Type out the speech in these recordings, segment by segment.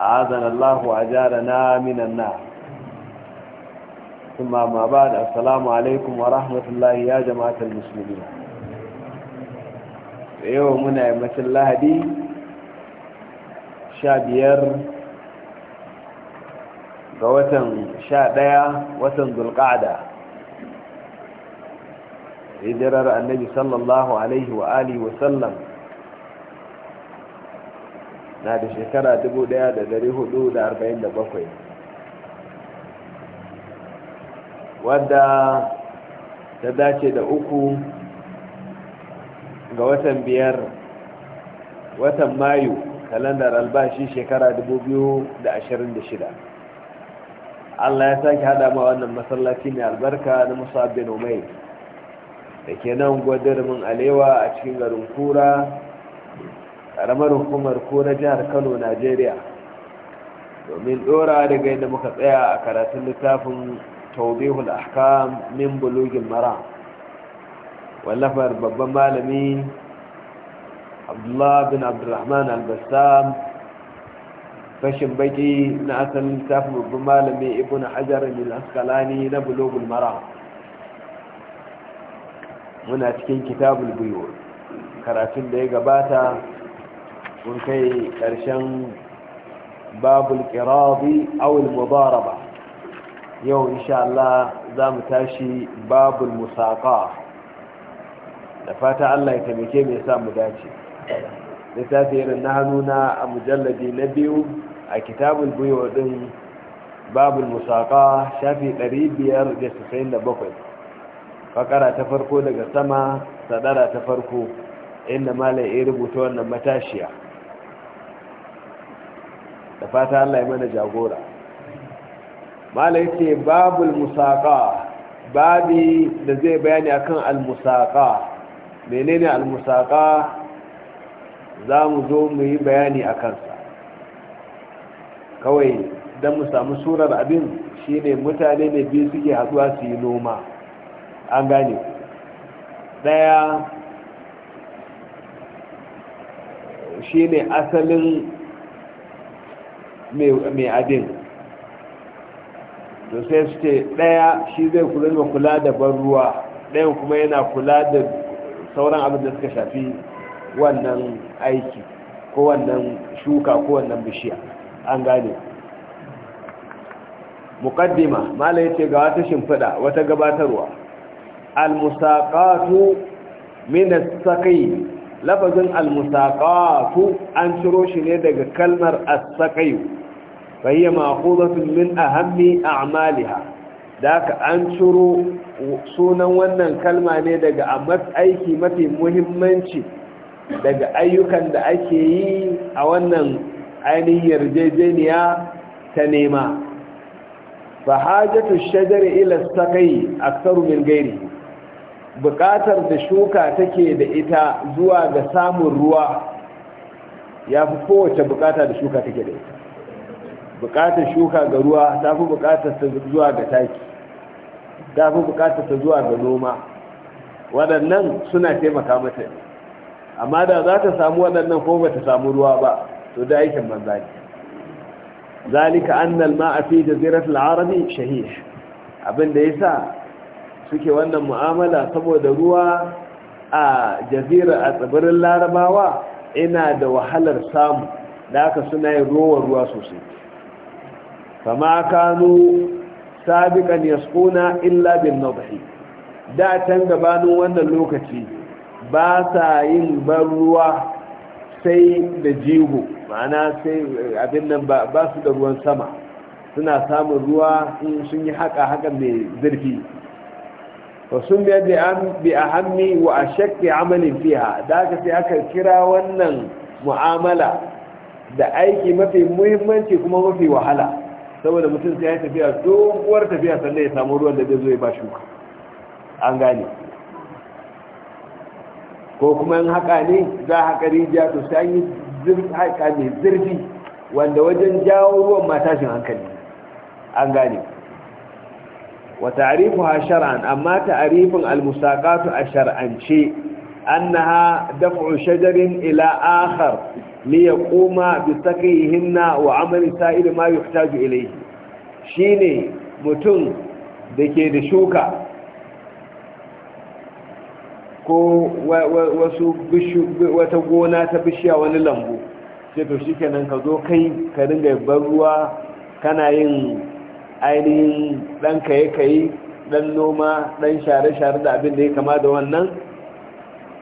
azan Allah wa jara na minan na sun mama ba alaikum wa rahmatullahi ya jama'atar musulmi da yau muna yi matin lahadi 15 ga watan sha ɗaya watan zulkada ridirar annabi sallallahu alaihi wa alihi na da shekara 1447 wadda ta dace da uku ga watan biyar watan mayu kalandar albashi shekara 2026 allah ya sake hada ma wannan masallaci mai albarka na musa bin da ke nan gwadarmin alewa a cikin garin kura karamar hukumar ko na jihar kano najeriya domin dora daga yadda muka tsaya a karatun littafin taubihul ahkam min bulugin mara wallafar babban malami Abdullahi bin abdulrahman albassam fashin baki na asalin littafin babban malami ibn hajar min askalani na bulugin mara muna cikin kitabul buyo karatun da ya gabata Kun kai ƙarshen babul ƙirazi awul mubaraba yau insha Allah za mu tashi babul musaƙa da fata Allah ya taimake mai sa mu dace littafi irin na hannuna a mujalladi na biyu a kitabul buyo din babul musaƙa shafi 597 fakara ta farko daga sama sadara ta farko inda malai ya rubuta wannan matashiya da fata Allah ya mana jagora malai ce babul musaka babi da zai bayani akan almusaka menene almusaka za mu zo mu yi bayani a kansa kawai don mu samu surar abin shine mutane ne biyu suke haduwa su yi noma an gane daya shine asalin mai abin to sai su ce ɗaya shi zai kula da kula da ban ruwa ɗaya kuma yana kula da sauran abin da suka shafi wannan aiki ko wannan shuka ko wannan bishiya an gane mukaddima mala yace ga wata shimfiɗa, wata gabatarwa al-musaqatu min as lafazin almusaqatu an ciro shi ne daga kalmar as-saqayu fa hiya ma'khudatun min ahammi a'maliha daka an ciro sunan wannan kalma ne daga amas aiki mafi muhimmanci daga ayyukan da ake yi a wannan ainihin yarjejeniya ta nema fa hajatu shajari ila as-saqayi min gairi. buƙatar da shuka take da ita zuwa ga samun ruwa ya fi kowace buƙata da shuka take da ita buƙatar shuka ga ruwa ta fi buƙatar ta zuwa ga taki ta fi buƙatar ta zuwa ga noma waɗannan suna taimaka mata ne amma da za ta samu waɗannan ko ba ta samu ruwa ba to da aikin banza ne zalika annal ma'afi da jaziratul arabi shahih abin da yasa suke wannan mu'amala saboda ruwa a jazira a tsibirin larabawa ina da wahalar samu da aka suna yin rowar ruwa sosai kama kanu Sabikan, yasquna illa bin nadhi da can gabanin wannan lokaci ba sa yin ban ruwa sai da jigo ma'ana sai abin nan ba su da ruwan sama suna samun ruwa sun yi haka haka mai zurfi فسمي بأهم وأشك bi a hannu wa a كرا amalin معاملة da aiki mafi muhimmanci kuma mafi wahala saboda mutum sai ya tafiya doguwar tafiya sannan ya samu ruwan da zai zo ya ba shuka an gane ko kuma yin haka ne za a haka rijiya to sai an yi haka mai zirgi wanda wajen jawo ruwan matashin hankali an gane wa ta'rifuha shar'an amma ta'rifin al-musaqatu a shar'ance annaha daf'u shajarin ila akhar li yaquma bi saqihinna wa 'amali sa'ir ma yuhtaju ilayhi shine mutum dake da shuka ko wata gona ta bishiya wani lambu sai to shikenan ka zo kai ka dinga bar ruwa kana yin ainihin ɗan kaye-kaye ɗan noma ɗan share-share da abin da ya kama da wannan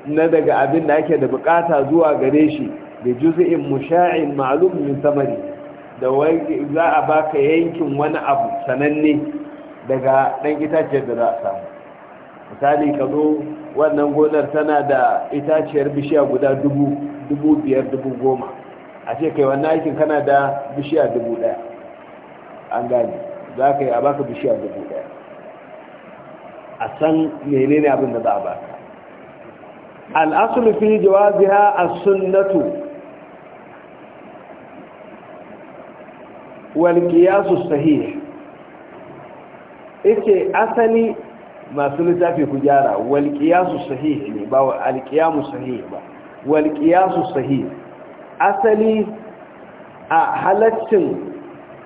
na daga abin da ake da bukata zuwa gare shi da juzi'in musha'in ma'alum min samari da za a baka yankin wani abu sananne daga ɗan itaciyar da za a samu misali ka zo wannan gonar tana da itaciyar bishiya guda dubu dubu biyar dubu goma a ce kai wannan aikin kana da bishiya dubu ɗaya an gane za ka yi a baka bishiya dubu daya a san ne abin da za a baka al'asulu fi biya a sunnatu Walƙiyasu sahih yace asali masu littafi ku gyara wal sahih ne ba wa alƙiyamu sahih ba Walƙiyasu sahih asali a halaccin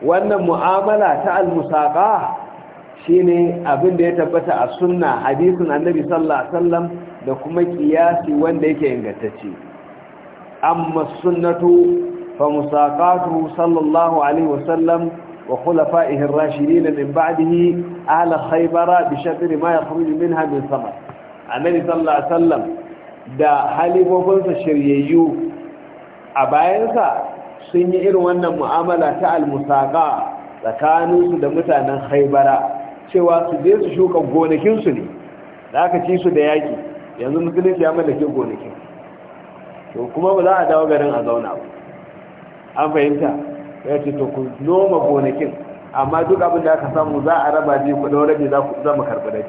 wannan mu'amala ta al-musaqa shine abin da ya tabbata a sunna hadisin annabi sallallahu alaihi wasallam da kuma kiyasi wanda yake ingantacce amma sunnatu fa musaqatu sallallahu alaihi wasallam wa khulafaihi ar-rashidin min ba'dihi ahla khaybara bi shatr ma yakhruj minha min samar annabi sallallahu alaihi wasallam da halifofinsa shiryayyu a bayansa sun yi irin wannan mu'amala ta almusaka tsakaninsu da mutanen haibara cewa su je su shuka gonakinsu ne da aka ci su da yaƙi yanzu musulunci ya mallake gonakin to kuma ba za a dawo garin a zauna ba an fahimta ya ce to ku noma gonakin amma duk abin da aka samu za a raba ji ku ɗau rabi za ku zama karɓi rabi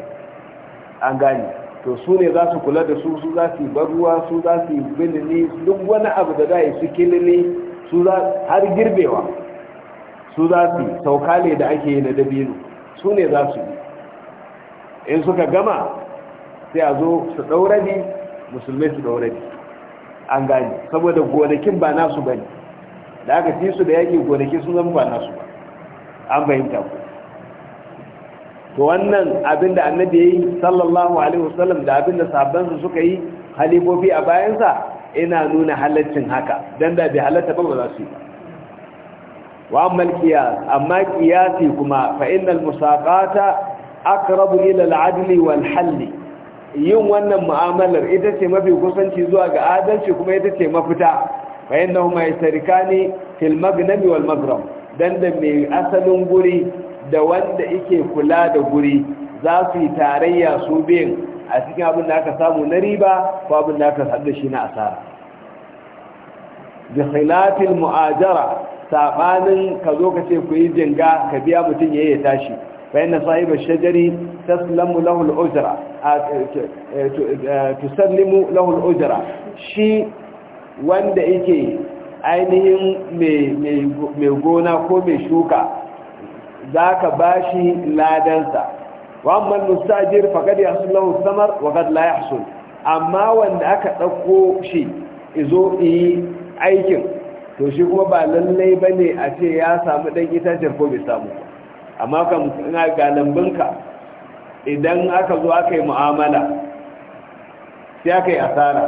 an gane to su ne za su kula da su su za su yi ruwa su za su yi binni, duk wani abu da za yi su kilili su za har girbewa su za su sauka ne da ake yi na dabino su ne za su yi in suka gama sai a zo su ɗaurari musulmai su ɗaurari an gani saboda gonakin ba nasu ba ne da aka fi su da yaƙi gonaki sun zama ba nasu ba an fahimta ku to wannan abin da annabi ya yi sallallahu alaihi wasallam da abin da sahabbansa suka yi halifofi a bayansa ina nuna halaccin haka dan da bai halatta ba za su yi wa malkiya amma kiyasi kuma fa innal musaqata rabu ila al-adli wal yin wannan mu'amalar ita ce mafi kusanci zuwa ga adalci kuma ita ce mafita fa innahuma yastarikani fil magnami wal maghrab dan da mai asalin guri da wanda yake kula da guri za su yi tarayya su biyan a cikin abin da aka samu na riba ko abin da aka haɗe shi na asara bi khilafil mu'ajara sabanin ka zo ka ce ku yi jinga ka biya mutum yayi ya tashi fa inna sahiba shajari taslamu lahu al-ujra tusallimu lahu al-ujra shi wanda yake ainihin mai gona ko mai shuka za ka ba shi ladansa wa amma mustajir faqad yahsul lahu thamar wa qad la yahsul amma wanda aka dauko shi izo yi aikin to shi kuma ba lallai bane a ce ya samu dan itacen ko bai samu amma kam ina ga lambinka idan aka zo aka yi mu'amala sai aka yi asara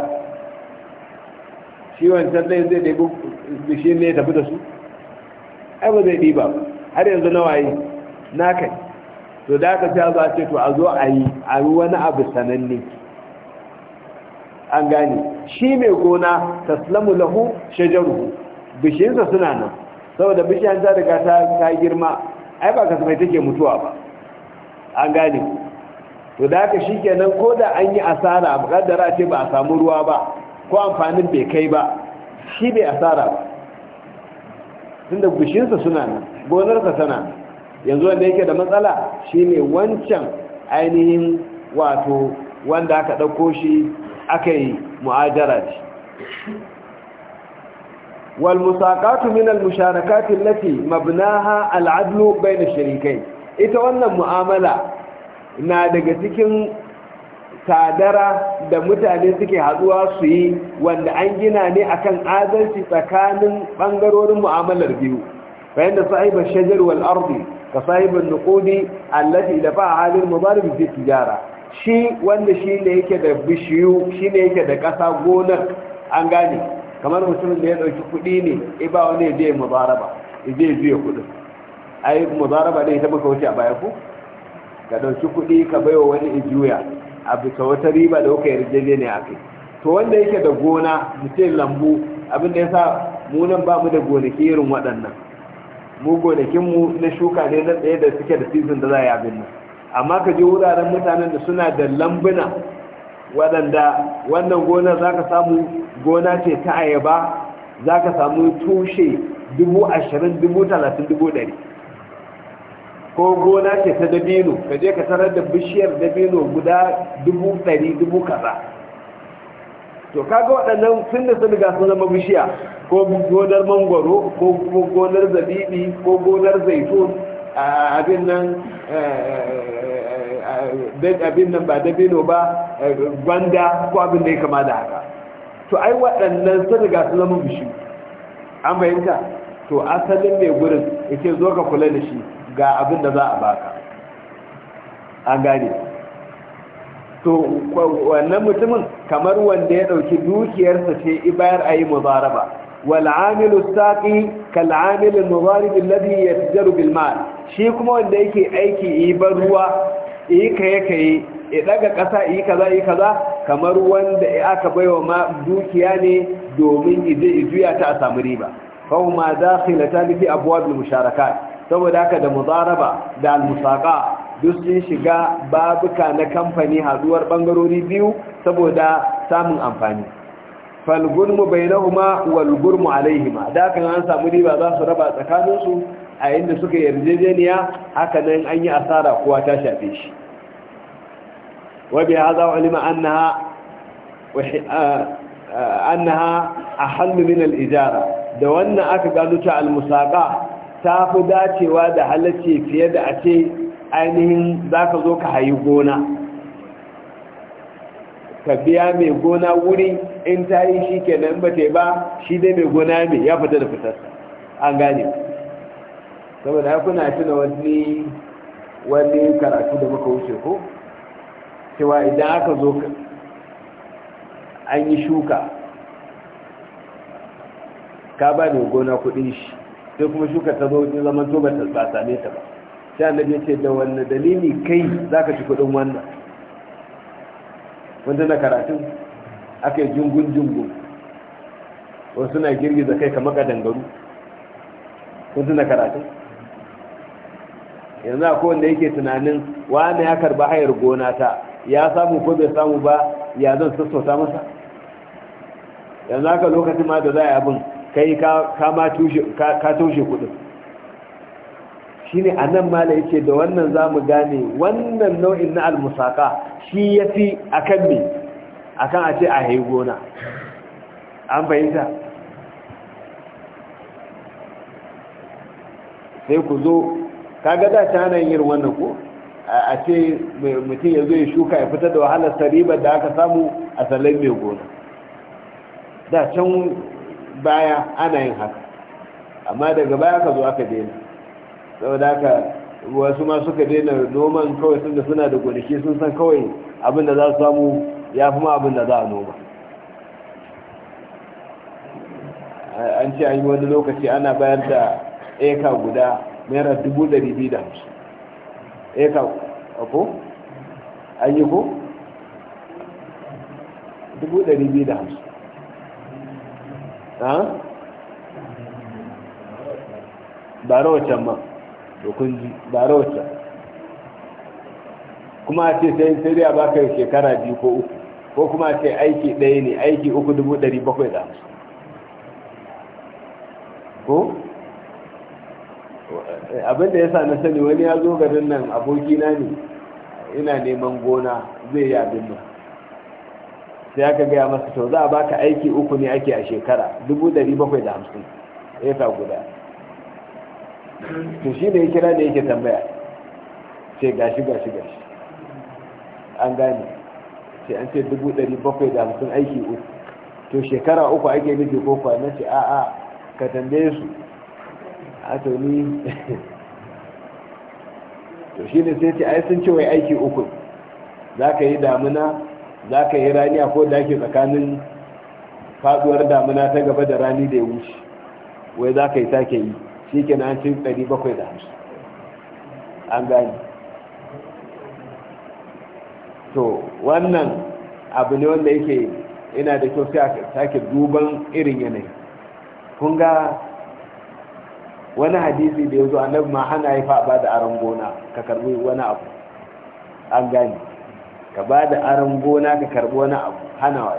shi wancan ɗaya zai ɗaiɓi bishin ne tafi da su ai ba zai ɗi ba. har yanzu na waye na kai to da aka ta za ce to a zo a yi a yi wani abu sananne an gane shi mai gona taslamu lahu sha'jaru. bishiyarsa suna nan saboda bishiyar ta riga ta girma ai ba kasafai take mutuwa ba an gane to da haka nan ko da an yi asara a kaddara ce ba a samu ruwa ba ko amfanin bai kai ba shi bai asara ba tunda bishinsa suna nan gonarsa tana nan yanzu wanda yake da matsala shine wancan ainihin wato wanda aka ɗauko shi aka yi mu'ajara shi والمساقات من المشاركات mabnaha, مبناها bai بين shirikai. ita wannan mu'amala na daga cikin tadara da mutane suke haduwa su yi wanda an gina ne akan adalci tsakanin bangarorin mu'amalar biyu bayan da sahiba shajar wal ardi ka sahibin nuqudi allati dafa halin mudarib fi tijara shi wanda shi ne yake da bishiyu shi ne yake da ƙasa gonar an gane kamar mutumin da ya ɗauki kuɗi ne eh, ba wani zai mubaraba zai juya kuɗin ai mubaraba ne ta maka wuce a baya ku ka ɗauki kuɗi ka baiwa wani juya a bisa wata riba da kuka yarjeje ne a kai to wanda yake da gona mutum lambu abin da ya sa mu nan ba mu da gonaki irin waɗannan mu gonakin mu na shuka ne na tsaye da suke da season da za a yi amma ka je wuraren mutanen da suna da lambuna waɗanda wannan gona za ka samu gona ce ta ayaba za ka samu tushe dubu ashirin dubu talatin dubu ɗari ko gona ce ta dabino ka je ka tarar da bishiyar dabino guda dubu ɗari dubu kaza to kaga waɗannan sun da sun ga sunan mabishiya, ko gonar mangwaro ko gonar zabibi ko gonar zaitun abin nan eh, eh, eh, abin nan ba dabino ba gwanda ko abin da ya kama da haka to ai waɗannan sun da sun zama bishi an bayanta to asalin mai gurin ya ce zo ka kula da shi ga abin da za a baka an gane to wannan mutumin kamar wanda ya dauki dukiyarsa ce ibayar ayi mudaraba wal amilu saqi kal amil al alladhi yatjaru bil mal shi kuma wanda yake aiki yi ban ruwa yi kai-kai, ya daga kasa yi kaza yi kaza kamar wanda aka baiwa ma dukiya ne domin ije juya ta a samu riba fa huma dakhilatan fi abwab al musharakat saboda haka da mudaraba da al musaqa duk sun shiga babuka na kamfani haduwar bangarori biyu saboda samun amfani falgurmu nahu ma walgurmu alaihima da kan an samu riba za su raba tsakaninsu a inda suka yarjejeniya haka nan an yi asara kowa ta shafe shi wa bi hadha ulima annaha annaha ahall min ijara da wannan aka gano ta al ta fi dacewa da halarci fiye da a ce ainihin za ka zo ka hayi gona ka biya mai gona wuri in ta yi shi ke nan ba ba shi dai mai gona mai ya fita da fitar an gane saboda ya kuna tuna wani wani karatu da muka wuce ko cewa idan aka zo an yi shuka ka ba mai gona kudin shi sai kuma shuka ta zo wajen zaman to ba ta same ta ba sai annabi ya ce da wanne dalili kai za ka ci kudin wannan wanda na karatun aka yi jungun-jungun wasu na girgiza kai kamar kadangaru wanda na karatun yanzu akwai wanda yake tunanin wani ya karba hayar gona ta ya samu ko bai samu ba ya zan sassauta masa yanzu haka lokacin ma da za a yi abin kai ka toshe kudin shine anan mala yace da wannan zamu gane wannan nau'in na almusaka shi ya fi a kan ne a kan a ce a hayi gona an fahimta sai ku zo kaga da ta nan yin wannan ko a ce mutum ya zo ya shuka ya fitar da wahalar saribar da aka samu a salon mai gona da can baya ana yin haka amma daga baya ka zo aka daina saboda haka wasu ma suka daina noman kawai sun da suna da gonaki sun san kawai abin da za su samu ya fi ma abin da za a noma an ce an yi wani lokaci ana bayar da eka guda naira dubu ɗari biyu da hamsin eka ko an yi ko dubu ɗari biyu da hamsin ba bara wacan dokunji kun ji ba rawarsa kuma a ce sai sai ya baka shekara biyu ko uku ko kuma sai ce aiki ɗaya ne aiki uku dubu ɗari bakwai da hamsin ko abinda ya sa na sani wani ya zo garin nan abokina ne ina neman gona zai yi abin nan sai aka gaya masa to za a baka aiki uku ne ake a shekara dubu ɗari bakwai da hamsin ya guda to shi ne ya kira da yake tambaya ce gashi gashi gashi an gane ce an ce dubu ɗari bakwai da hamsin aiki uku to shekara uku ake nufi ko kwana ce a a ka tambaye su a to ni to shi ne sai ce ai sun ce wai aiki uku za ka yi damuna za ka yi rani a ko da ake tsakanin faduwar damuna ta gaba da rani da ya wuce wai za ka yi sake yi shi ke na cin 750 an gani to wannan abu ne wanda yake ina da kyau sai a sake duban irin yanayi kun ga wani hadisi da ya zo a nan ma hana ya fa da aron gona ka karbi wani abu an gani ka ba da aron gona ka karbi wani abu hana wa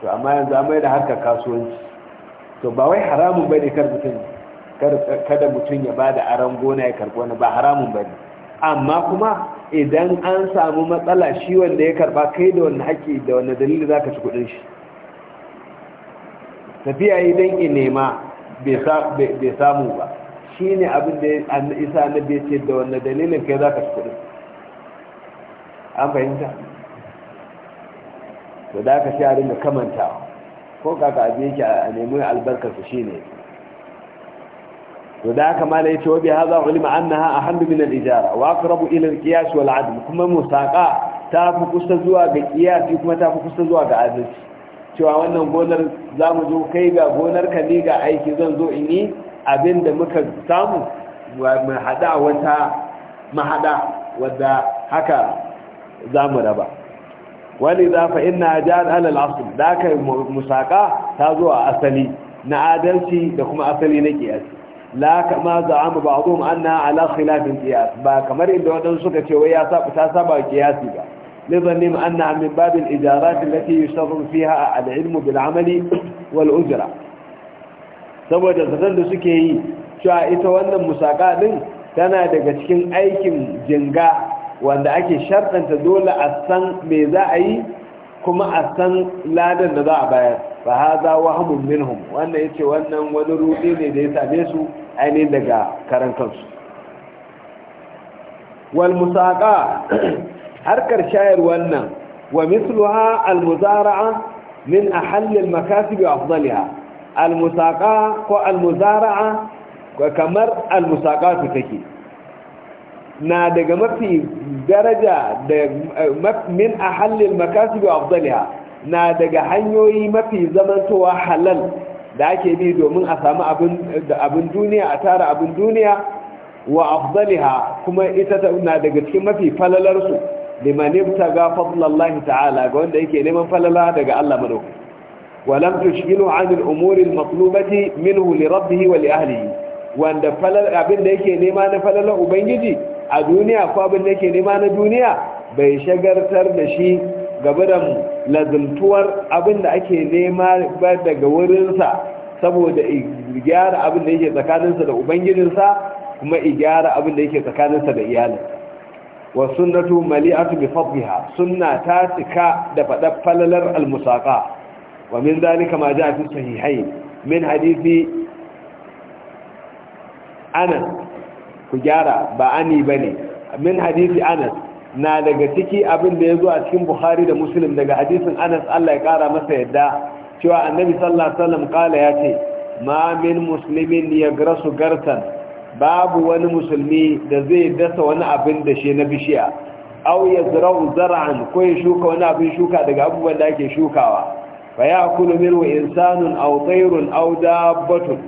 to amma yanzu amai da harkar kasuwanci to ba wai haramun bane kar mutum kada mutum ya bada aran gona ya karbi wani ba haramun bane amma kuma idan an samu matsala shi wanda ya karba kai da wani haƙi da wani dalili zaka ci kudin shi tafiya idan in nema bai samu ba shi ne abin da isa na bai ce da wani dalilin kai za ka shi kudin an fahimta to da ka shi a rinda kamantawa ko kaka abin yake a nemi albarkarsa shi ne to da haka ma yake wabi haza ulima annaha a hannu min al-ijara wa aqrabu ila al-qiyas wal adl kuma musaqa ta fi kusa zuwa ga qiyasi kuma ta fi kusa zuwa ga adalci cewa wannan gonar zamu zo kai ga gonar ka ne ga aiki zan zo in yi abinda muka samu mu hada wata mahada wadda haka zamu raba wani za fa ina jihar alal asul da aka musaka ta zo a asali na adalci da kuma asali na kiyasi la kama za'ama a anna ala khilafin qiyas ba kamar inda wadan suka ce wai ya saba ta saba ƙiyasi ba لظنهم أنها من باب الإجارات a يشتغل فيها العلم بالعمل والأجرة saboda zaton da suke yi cewa ita wannan musaka din tana daga cikin aikin jinga wanda ake shartanta dole a san me za a yi kuma a san ladan da za a bayar fa haza wahmun minhum wannan yace wannan wani rudi ne da ya same su ainihin daga karan kansu wal harkar shayar wannan wa misluha al muzara'a min a al makasib wa afdaliha al ko al muzara'a kamar al musaqatu take na daga mafi daraja da eh, min a hallin makasibi afdaliya na daga hanyoyi mafi zamantowa halal da ake bi domin a samu abin duniya a tara abin duniya wa afdaliya kuma ita na daga cikin mafi falalarsu limanin ta ga fadlallahi ta'ala ga wanda yake neman falala daga Allah madauki walam tushgilu anil umuri al-matlubati minhu li rabbihi wali li ahlihi wanda abin da yake nema na falalar ubangiji a duniya ko abin da yake nema na duniya bai shagartar da shi gaba da lazumtuwar abin da ake nema daga wurinsa saboda gyara abin da yake tsakaninsa da ubangijinsa kuma gyara abin da yake tsakaninsa da iyalinsa wa sunnatu mali'atu bi fadliha sunna ta cika da fadar falalar al wa min zalika ma ja'a fi sahihayn min hadisi anas ku gyara ba ani bane min hadisi anas na daga ciki abin da ya zo a cikin bukhari da muslim daga hadisin anas allah ya kara masa yadda cewa annabi sallallahu alaihi wasallam kala ya ce ma min muslimin ya grasu gartan. babu wani musulmi da zai dasa wani abin da shi na bishiya aw ya zara'u zar'an ko ya shuka wani abin shuka daga abubuwan da ake shukawa fa ya kulu minhu insanun aw tayrun aw dabbatun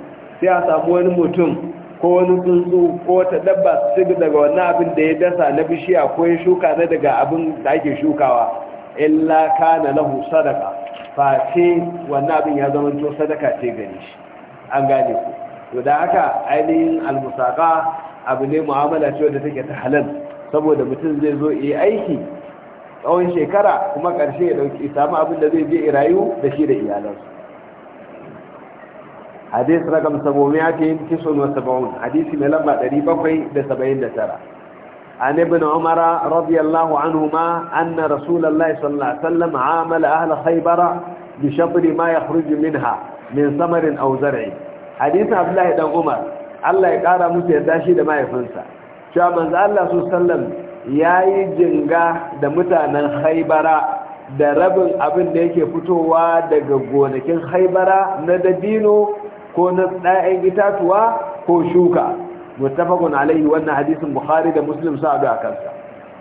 sai a samu wani mutum ko wani tsuntsu ko wata dabba su ci daga wani abin da ya dasa na bishiya ko ya shuka na daga abin da ake shukawa illa kana lahu sadaka ce wannan abin ya zama to sadaka ce gare shi an gane ku to da haka ainihin almusaka abu ne mu'amala ce wanda take ta halal saboda mutum zai zo yi aiki tsawon shekara kuma ƙarshe ya ɗauki samu abin da zai je rayu da shi da iyalansa hadis rakam 779 hadisi mai lamba ɗari bakwai 779 an ibn umar radiyallahu anhuma anna rasulullahi sallallahu alaihi wasallam amala ahla khaybar bi shatr ma yakhruj minha min samarin aw zar'in hadisi abdullahi dan umar Allah ya kara musu yadda shi da mahaifinsa cewa manzo Allah su sallam yayi jinga da mutanen haibara da rabin abin da yake fitowa daga gonakin haibara na dabino ko na ɗayan itatuwa ko shuka muttafaqun alaihi wannan hadisin bukhari da muslim sa da kansa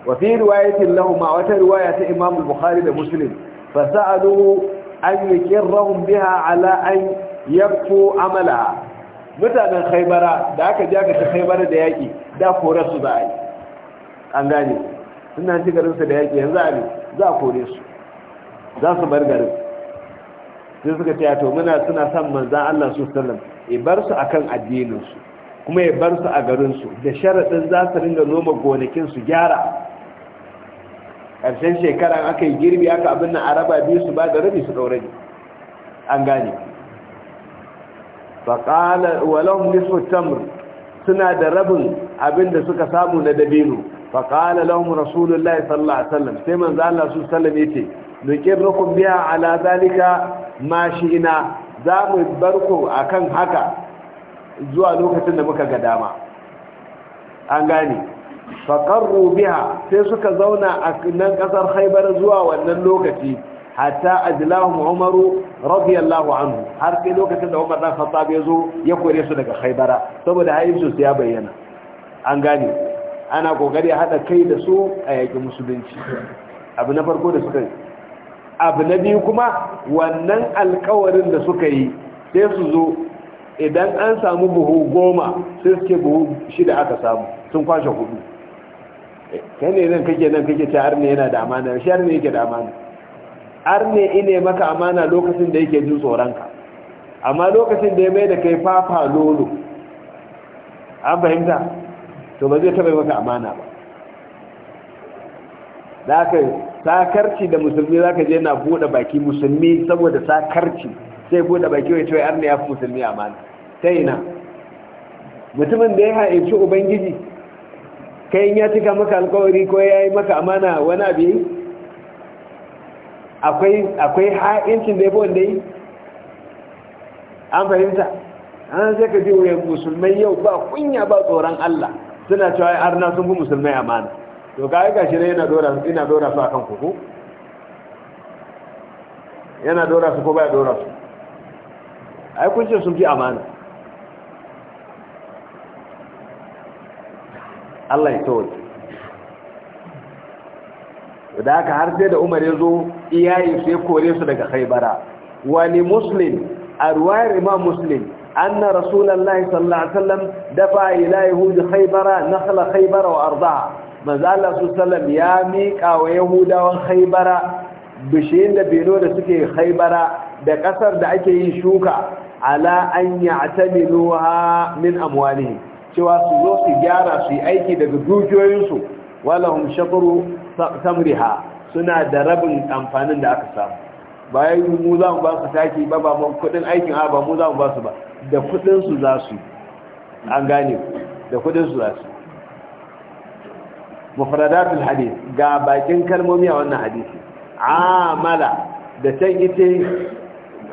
wa fi riwayatin lahumma wata riwaya ta imam bukhari da muslim fa sa'aluhu an yukirrahum biha ala an yakfu amala mutanen khaybara da aka ji aka ta khaybara da yaki da kore su za a an gane suna ci garinsa da yaki yanzu a ne za a kore su za su bar garin sai suka ce to muna suna son manzan Allah su sallam ya bar su akan addinin su kuma ya bar su a garin su da sharadin za su ringa noma gonakin su gyara karshen shekara aka yi girbi aka abin nan araba biyu su ba da rabi su daure an gane faqala walahum nisfu tamr suna da rabin abin da suka samu na dabino faƙala lahum rasulullahi sallallahu alaihi wasallam sai manzo Allah su sallam yace rukun biha ala zalika Mashina ina za mu barko a kan haka zuwa lokacin da muka ga dama an gane faƙarru biha sai suka zauna a nan ƙasar haibar zuwa wannan lokaci hatta jilahun umaru radiyallahu anhu har sai lokacin da umar dan fasa ya zo ya kore su daga haibara saboda su ya bayyana an gane ana kokari haɗa kai da su a yaƙi musulunci abu na farko da suka abu na biyu kuma wannan alkawarin da suka yi sai su zo idan an samu buhu goma sai suke buhu shida aka samu sun kwashe hudu kai ne nan kake nan kake ce arne yana da amana shi arne yake da amana arne ine maka amana lokacin da yake jin tsoronka amma lokacin da ya mai da kai fafa lolo an fahimta to ba zai taɓa maka amana ba za ka sakarci da musulmi za ka je na buɗe baki musulmi saboda sakarci sai buɗe baki wai cewa arna ya fi musulmi amana ta ina mutumin da ya haici ubangiji kai ya cika maka alkawari ko ya yi maka amana wani abu yi akwai ha'incin da ya dai wanda yi an fahimta an sai ka ji wuyan musulmai yau ba kunya ba tsoron allah suna cewa arna sun fi musulmai amana to ga aika shi ne yana dora ina dora su akan kuku yana dora su ko baya dora su ai kun ce sun fi amana Allah ya tawaye da haka har sai da Umar ya zo su sai kore su daga Khaybara wani muslim a ruwayar Imam Muslim أن رسول الله صلى الله عليه وسلم دفع إلى يهود خيبر نخل خيبر manzo Allah ya miƙa wa yahudawan haibara bishiyin da beno da suke haibara da ƙasar da ake yin shuka ala an ya'tamiluha min amwalihi cewa su zo su gyara su yi aiki daga dukiyoyinsu walahum shakuru samriha suna da rabin amfanin da aka samu bayan mu za mu ba su taki ba ba mu kudin aikin ba mu za mu ba su ba da kudin su za su an gane da kudin su za su mufradatul hadith ga bakin kalmomi a wannan hadisi amala da can ita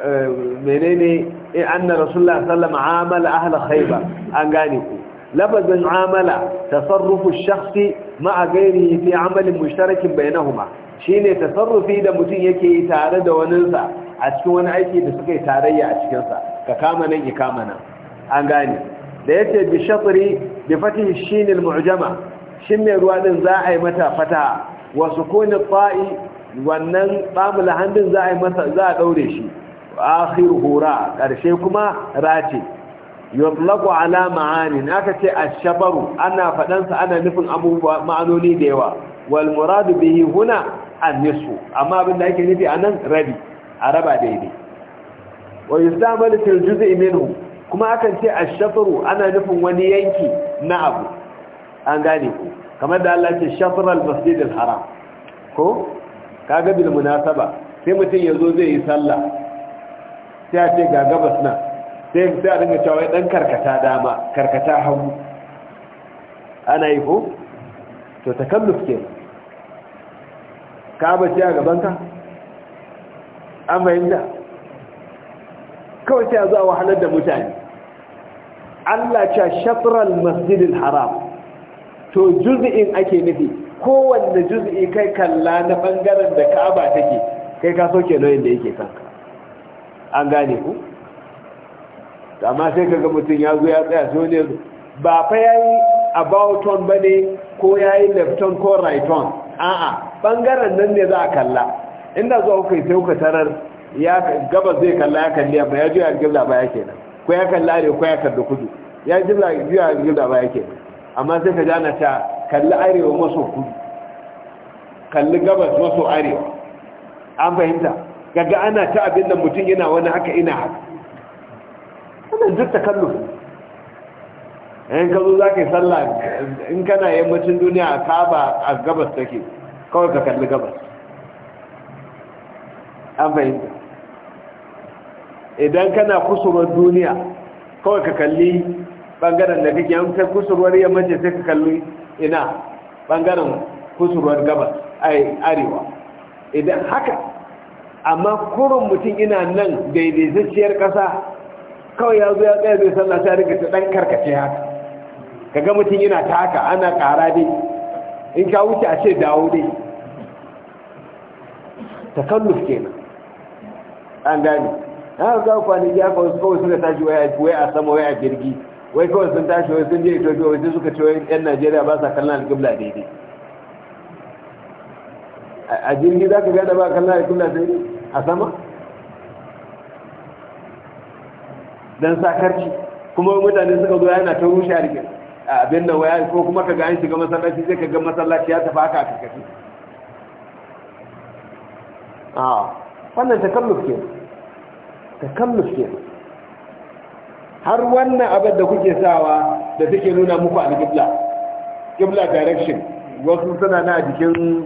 eh, menene in eh, anna rasulullah sallam amala ahla khaybar an gane ku lafazin amala tasarrufu shakhsi a ghairihi fi amalin mushtarakin bainahuma shine tasarrufi da mutum yake yi tare da waninsa a cikin wani aiki da suka yi tarayya a cikinsa. ka kama nan ki kama nan an gane da yace bi shatri bi fatihi shin al mu'jama shin mai ruwa din za a yi mata fata wa sukuni ta'i wannan tsamula hannun za a yi masa za a daure shi akhir hura karshe kuma rati yutlaqu ala ma'anin aka ce ashabaru ana fadan ana nufin abubuwa ma'anoni da yawa wal murad bihi huna annisu. amma abin da ake nufi anan rabi araba raba daidai wa yustamalu fil juz'i minhu kuma aka ce ashabaru ana nufin wani yanki na abu an gane ku kamar da Allah ce shafral masjidil haram ko kaga bil munasaba sai mutum yazo zai yi sallah sai a ce ga gabas nan sai sai a dinga cewa dan karkata dama karkata hagu ana yi ko to takalluf ke ka ce a gaban ka an bayyana kawai sai a zuwa wahalar da mutane Allah ce shafral masjidil haram to juz'in ake nufi kowanne juz'i kai kalla na bangaren da ka'aba take kai ka soke nauyin da yake kanka an gane ku amma sai kaga mutum ya zo ya tsaya so ne ba fa yayi about on bane ko yayi left on ko right on a'a bangaren nan ne za a kalla inda zo kai sai kuka tarar ya gaba zai kalla ya kalli amma ya juya alƙibla ba ya kenan ko ya kalla ne ko ya kalli kudu ya juya alƙibla ba ya kenan amma sai ka gana ta kalli arewa maso kudu kalli gabas maso arewa an fahimta gaga ana ta abin da mutum yana wani haka ina haka wannan duk ta kallo in ka zo za ka yi sallah in kana yammacin duniya a saba a gabas take kawai ka kalli gabas an fahimta idan kana kusurwar duniya kawai ka kalli bangaren da kake an kusurwar yammacin sai ka kalli ina bangaren kusurwar gabas ai arewa idan haka amma kurin mutum ina nan daidaitacciyar ƙasa kawai ya zo ya zai sallah ta rika ta ɗan karkace haka Ka ga mutum ina ta haka ana ƙara dai in ka wuce a ce dawo dai takalluf kenan an gani Na ga kwanaki haka wasu kawai suka tashi waya a sama waya a jirgi wai kawai sun tashi wai sun je ethiopia wai sai suka ce wai yan najeriya ba sa kallon alƙibla daidai a jirgi za ka gada ba kallon alƙibla daidai a sama don sakarci kuma mutane suka zo yana ta rushe a abin da waya ko kuma ka gani shiga masallaci sai ka ga masallaci ya tafi haka a karkashin a ah, wannan takalluf ke takalluf ke har wannan abin da kuke sawa da suke nuna muku alƙibla ƙibla direction wasu suna na jikin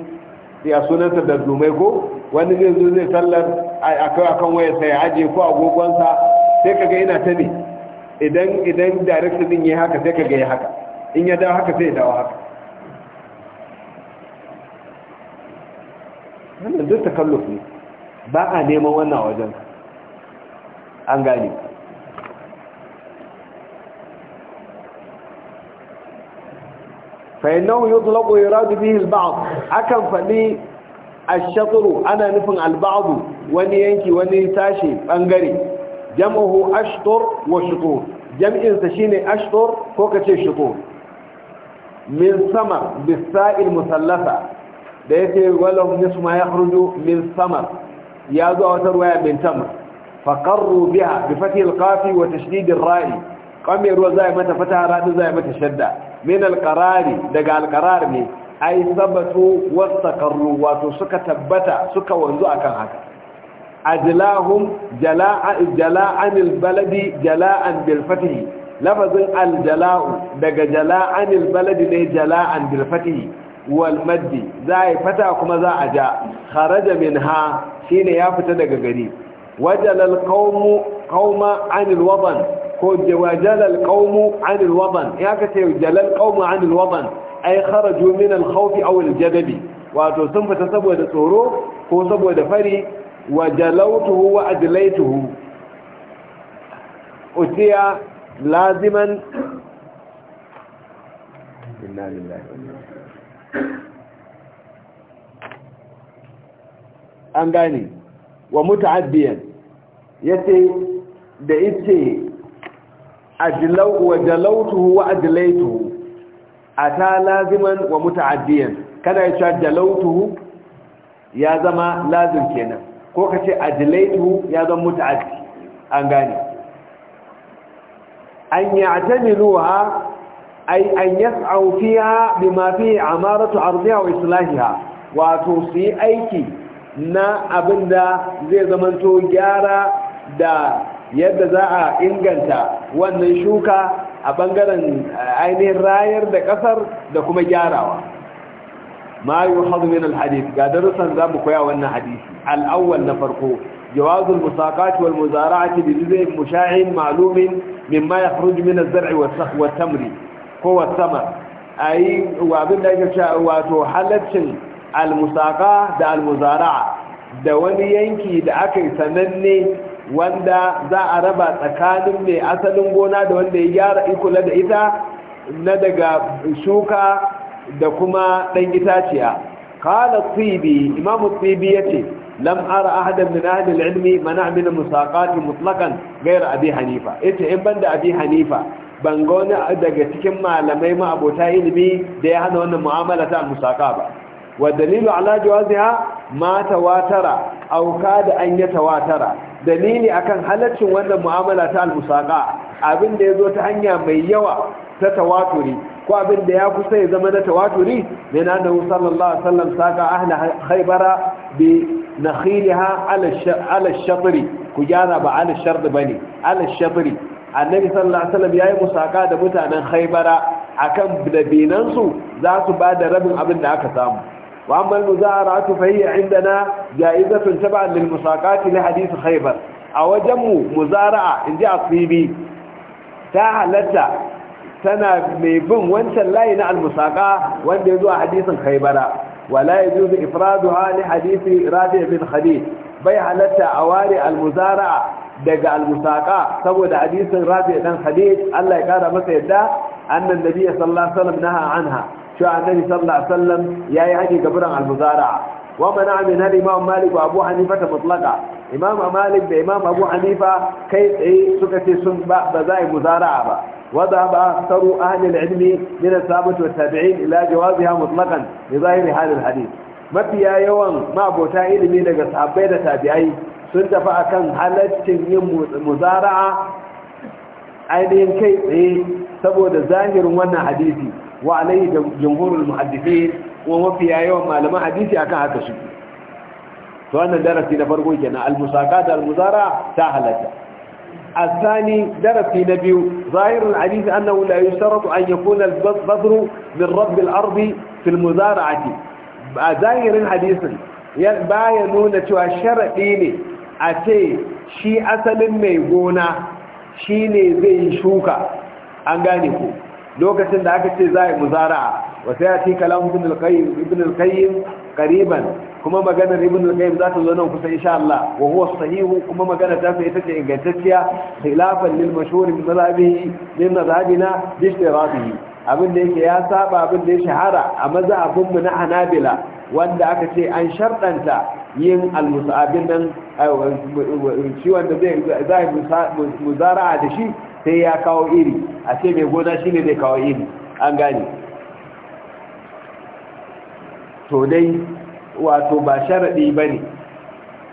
ya sunansa da zumai ko wani zai zo zai sallar akai akan waya sai aje ko agogonsa sai kaga ina ta ne idan idan direction din yayi haka sai kaga yayi haka in ya dawo haka sai ya dawo haka wannan duk takalluf ne ba a neman wannan wajen an gane fa'inahu yuzlaqu yuradu bihi al-ba'd akan faɗi ash-shatr ana nufin al wani yanki wani tashi bangare jam'uhu ashtur wa shutur jam'in shine ashtur ko kace shutur min sama bisa'il musallasa da yake walau nisu ma ya khruju min sama ya zo wata ruwa min tamar faqarru biha bi fathil qafi wa tashdid ar-ra'i qamiru za'i mata fataha ra'i za'i mata shadda min alqarari daga alqarar ne ai sabatu wastaqarru wato suka tabbata suka wanzu akan haka ajlahum jala'a jala'an albaladi jala'an bil lafazin aljala'u daga jala'an albaladi ne jala'an bil fathi wal maddi zai fata kuma za a ja kharaja minha shine ya fita daga gari wajal alqawmu qauma anil wadan ko jalal qaumu an alwadan ya ka ce jalal qaumu an alwadan ay kharaju min alkhawf aw aljadab wato sun fita saboda tsoro ko saboda fari wa jalautuhu wa adlaituhu utiya laziman inna lillahi an gane wa muta'addiyan yace da yace ajlau wa jalautuhu wa ajlaituhu ata laziman wa muta'addiyan kada ya ce jalautuhu ya zama lazim kenan ko ka ce ya zama muta'addi an gane an ya'tamiluha ay an yas'u fiha bima fihi amaratu ardiha wa islahiha wato su yi aiki na abinda zai zamanto gyara da yadda za a inganta wannan shuka a bangaren eh, ainihin rayar da kasar da kuma gyarawa ma yi hadu min alhadith ga darussan za mu koya wannan hadisi al'awwal na farko jawazul musaqat wal muzara'ati bi juz'in musha'in ma'lumin mimma yakhruju min az-zar'i was tamri ko was-samar ayi wa abin da yake cewa wato halaccin al-musaqa da al-muzara'a da wani yanki da aka yi sananne wanda za a raba tsakanin mai asalin gona da wanda ya gyara ikula da ita na daga shuka da kuma ɗan itaciya kala tsibi imamu tsibi ya ce lam ara ahadan min ahli ilmi mana min musaqati mutlaqan gayar abi hanifa ita in banda abi hanifa ban ga wani daga cikin malamai ma abota ilimi da ya hana wannan mu'amala ta musaka ba wa dalilu ala jawaziha ma tawatara aw kada an ya tawatara dalili akan halaccin wannan mu'amala ta al-musaqa abin da yazo ta hanya mai yawa ta tawaturi ko abin da ya kusa ya zama na tawaturi na annahu sallallahu alaihi wasallam saqa ahla khaybara bi nakhilha ala ala shatri ku gyara ba ala shard bane ala shatri annabi sallallahu alaihi wasallam yayi musaqa da mutanen khaybara akan dabinansu za su ba da rabin abin da aka samu وأما المزارعة فهي عندنا جائزة تبعا للمساقات لحديث خيبر أو جم مزارعة إن جاء الطيبي تاهلتا تنا ميبن وانسا لا ينع المساقة وان يدوى حديث خيبر ولا يجوز إفرادها لحديث رابع بن خديث بيعلتا أواري المزارعة daga almusaka saboda hadisin rafi dan hadith Allah ya kara masa yadda annan nabiyyi sallallahu alaihi wasallam naha anha cewa annabi sallallahu alaihi wasallam yayi hani ga buran al-muzara'a wa mana imam malik wa abu hanifa ta mutlaqa imam malik da imam abu hanifa kai tsaye suka ce sun ba ba za a muzara'a ba وذهب أكثر أهل العلم من الثابت والتابعين إلى جوازها مطلقا لظاهر هذا الحديث ما فيها يوم ما بوتا إلمي لك صحابي تابعي سنت فأكن yin مزارعة ainihin kai tsaye saboda zahirin wannan hadisi wa alayhi jumhurul muhaddithin wa mafiya yawan malaman hadisi akan haka su to wannan darasi na farko kenan al-musaqat al-muzara ta halatta الثاني درس نبي ظاهر الحديث أنه لا يشترط أن يكون البذر من رب الأرض في المزارعة ظاهر الحديث باينون تشرعيني أتي شي أسل ميقونا شي نزي شوكا أنغانيكو lokacin da aka ce za a yi muzara'a wasu ya ce kalamun ibn al-qayyim kariban kuma maganar ibn al-qayyim za ta zo nan kusa insha Allah wa huwa sahihu kuma magana ta sai ita ingantacciya khilafan lil mashhur min mazhabihi min mazhabina bi ishtirabihi abin da yake ya saba abin da ya shahara a mazhabin mu na Hanabila wanda aka ce an sharɗanta yin al nan eh, ciwon da zai zai muzara'a da shi sai ya kawo iri a ce mai gona shine zai kawo iri an gane to dai wato ba sharaɗi ba ne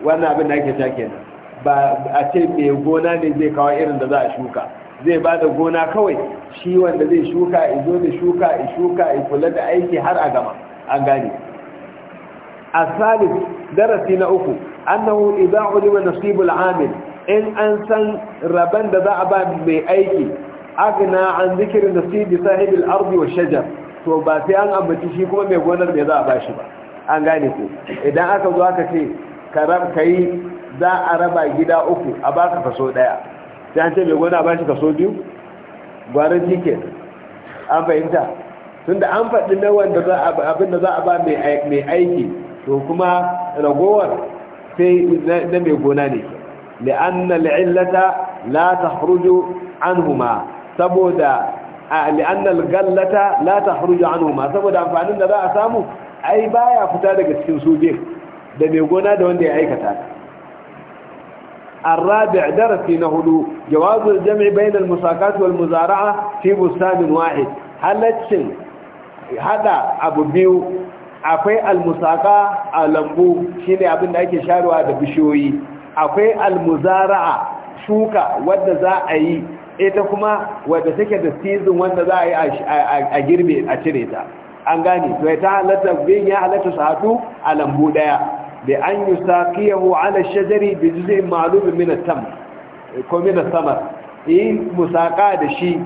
wannan abin da ake na. ba a ce mai gona ne zai kawo irin da za a shuka zai ba da gona kawai shi wanda zai shuka zo da shuka i shuka i kula da aiki har a gama an gane a salif darasi na uku annahu idza ulima nasibul amil in an san rabon da za a ba mai aiki agna an zikirin da sahibi sahibil ardi wa shajar to ba sai an ambaci shi kuma mai gonar mai za a ba shi ba an gane ku. idan aka zo aka ce karam kai za a raba gida uku a baka kaso daya sai an ce mai gona ba shi kaso biyu gwarin jike an fahimta tunda an faɗi na wanda abin da za a ba mai aiki to kuma ragowar sai na mai gona ne li'anna al'illata la tahruju gallata la tahruju anhuma saboda amfanin da za a samu ai baya fita daga cikin su biyu da mai gona da wanda ya aikata الرابع درس نهدو جواز الجمع بين المساقات والمزارعة في بستان واحد halaccin hada abu biyu akwai almusaƙa a lambu shine abin da ake sharuwa da bishiyoyi akwai almuzara'a shuka wadda za a yi ita kuma wadda take da season wanda za a yi a girbe a cire ta an gane to ita halatta bin ya halatta su hatu a lambu daya da an yi saƙiyahu ala shajari bi juzin malumin minatam ko samar yi musaƙa da shi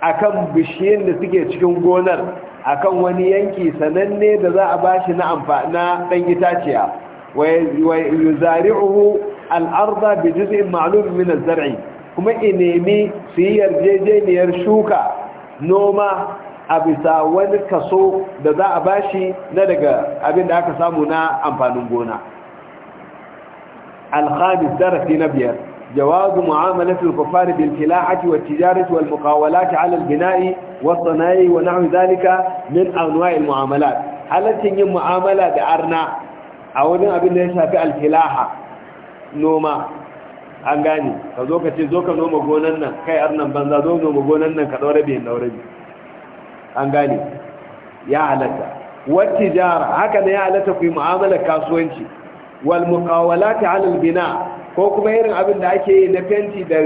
akan bishiyun da suke cikin gonar akan wani yanki sananne da za a bashi na amfa na ɗan itaciya ويزارعه الأرض بجزء معلوم من الزرع كما إنيمي سيار جيجين يرشوكا نوما أبسا ونكسو دذا أباشي ندقى أبين دعاك سامونا أمفانونغونا الخامس درس نبيا جواز معاملة الكفار بالكلاعة والتجارة والمقاولات على البناء والصناعي ونحو ذلك من أنواع المعاملات هل تنجي معاملة بأرنا a wani abin da ya shafi alfilaha noma an gane ka zo ka ce zo ka noma gonan nan kai arnan banza zo noma gonan nan ka daura biyan bi an gane ya halatta wacce jara haka ne ya halatta ku yi mu'amalar kasuwanci wal muqawalati ala al bina ko kuma irin abin da ake yi na fenti da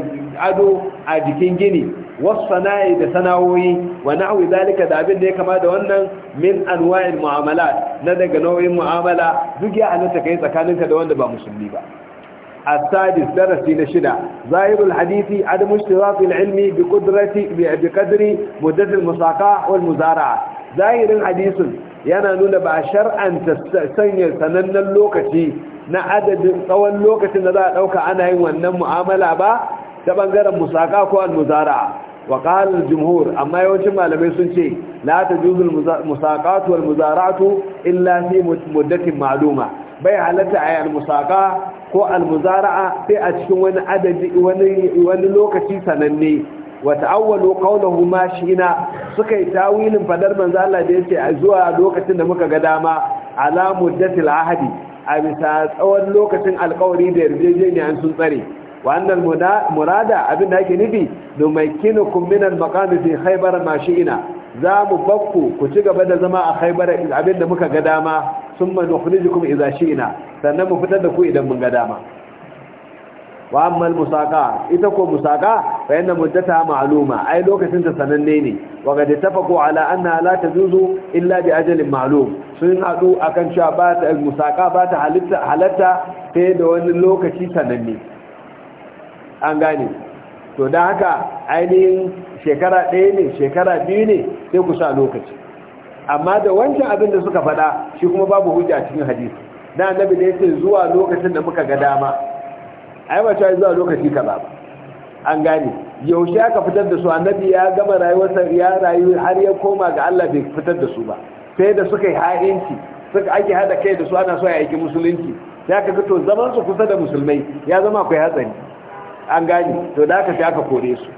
ado a jikin gini wasana'i da sana'o'i wa na'u zalika da abin da ya kama da wannan min anwa'il mu'amalat na daga nau'in mu'amala duk ya halatta kai tsakaninka da wanda ba musulmi ba السادس درس نشدة ظاهر الحديث bi اشتراط العلم بقدرة بقدر مدة المساقاة والمزارعة ظاهر الحديث yana nuna ba shar'an ta sanya sanannen lokaci na adadin tsawon lokacin da za a ɗauka ana yin wannan mu'amala ba ta bangaren musaka ko almuzara wa qalar amma yawancin malamai sun ce lata tajuzul musaqatu wal muzara'atu illa fi muddatin ma'luma bai halatta a al musaqa ko al muzara'a sai a cikin wani adadi wani wani lokaci sananne wa ta'awwalu qawluhu ma shi'na suka yi tawilin fadar manzo Allah da yace a zuwa lokacin da muka ga dama ala muddatil ahadi a bisa tsawon lokacin alkawari da yarjejeniya sun tsare Wannan murada abin da ake nufi numakkinukum min al-maqami fi haibar ma za mu bakku ku ci gaba da zama a haibar abin da muka ga dama summa nukhrijukum idza shi'ina sannan mu fitar da ku idan mun ga dama wa amma ita ko musaqa fa inna muddataha ma'luma ai lokacin ta sananne ne wa ga da tafaqu ala anna la illa bi ajalin ma'lum sun hadu akan cewa ba ta musaqa ba ta halatta halatta sai da wani lokaci sananne an gane to da haka ainihin shekara ɗaya ne shekara biyu ne sai ku sa lokaci amma da wancan abin da suka faɗa shi kuma babu hujja cikin hadisi na annabi da yake zuwa lokacin da muka ga dama ai ba ta zuwa lokaci ka ba an gane yaushe aka fitar da su annabi ya gama rayuwarsa ya rayu har ya koma ga Allah bai fitar da su ba sai da suka yi ha'inci suka ake hada kai da su ana so ya aiki musulunci ya ga to zaman su kusa da musulmai ya zama akwai hatsari an gani to da aka fi kore su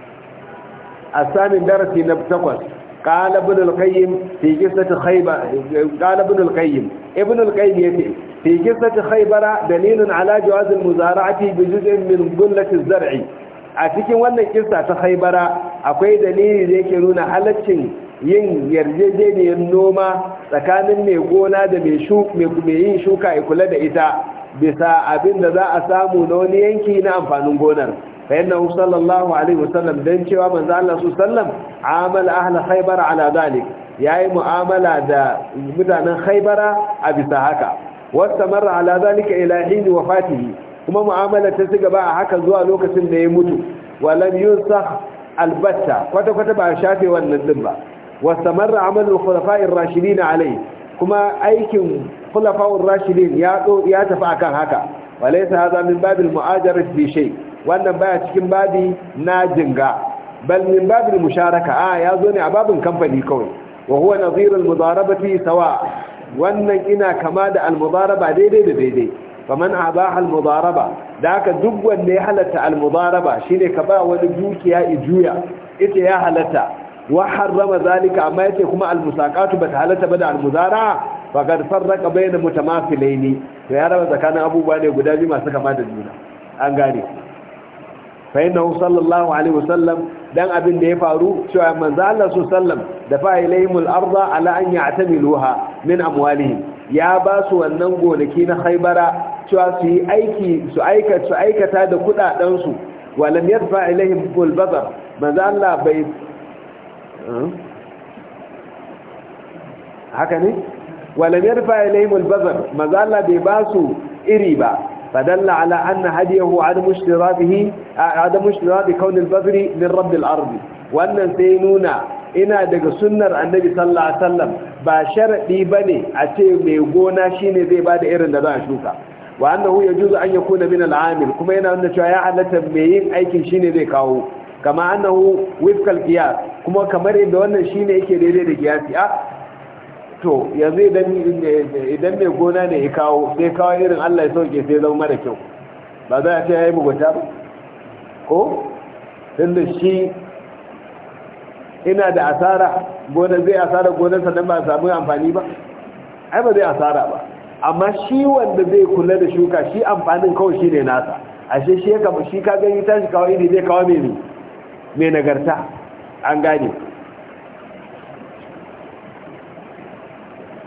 a samun darasi na takwas kalabin alkayyim fi kisati ya kalabin fi kisati khaibara dalilun ala jawaz almuzara'ati bi juz'in min gullati azra'i a cikin wannan kissa ta haibara, akwai dalili da yake nuna halaccin yin yarjejeniyar noma tsakanin mai gona da mai mai yin shuka ya kula da ita bisa abin da za a samu na wani yanki na amfanin gonar fayyar na sallallahu alaihi wasallam don cewa manzo Allah su sallam amal ahla haibara ala dalik ya yi mu'amala da mutanen haibara a bisa haka wasu mara ala dalika ilahini wa fatihi kuma mu'amala ta ci gaba a haka zuwa lokacin da ya mutu walam yun sa albatta kwata-kwata ba a shafe wannan din ba wasu mara amalin kwalafa'in rashidi na alai kuma aikin khulafa'ur rashidin ya ya tafi akan haka walaysa hadha min babil mu'ajarati fi shay wannan baya cikin babi na jinga bal min babil musharaka a ah, ya zo ne a babin kamfani kawai wa huwa nadhir mudarabati sawa wannan ina kama da al mudaraba daidai da daidai faman abaha al mudaraba da haka duk wanda ya halatta al mudaraba shine ka ba wani dukiya ijuya ita ya halatta wa harrama zalika amma yace kuma al musaqatu bata halatta ba da al muzara'a faƙar farraka bai da mutamakilai ne to ya raba tsakanin abubuwa ne guda biyu masu kama da juna an gane fa'inahu sallallahu alaihi wasallam dan abin da ya faru cewa manzo Allah sallam da fa'ilaimul arda ala an ya'tamiluha min amwalihim ya ba su wannan gonaki na khaybara cewa su yi aiki su aikata su aikata da kudaden su walam yadfa ilaihim bul bazar manzo Allah bai hmm? haka ne walam yarfa ilayhim albazar manzo Allah bai ba su iri ba fadalla ala anna hadiyahu adam ishtiratihi adam ishtirati kaun albazri min wannan sai nuna ina daga sunnar annabi sallallahu alaihi ba sharadi bane a ce mai gona shine zai bada irin da za a shuka wa annahu yajuzu an yakuna min al'amil kuma yana nuna cewa ya halatta mai yin aikin shine zai kawo kama annahu wifkal qiyas kuma kamar yadda wannan shine yake daidai da qiyasi a ah, to yanzu idan mai gona ne ya kawo sai kawo irin allah ya sauke sai zama mara kyau ba za a ce ya yi mugunta ba ko tunda shi ina da asara gona zai asara gona sannan ba a samu amfani ba ai ba zai asara ba amma shi wanda zai kula da shuka shi amfanin kawai shi ne nasa ashe shi ya kama shi ka gani tashi kawai ne zai kawo mai nagarta an gane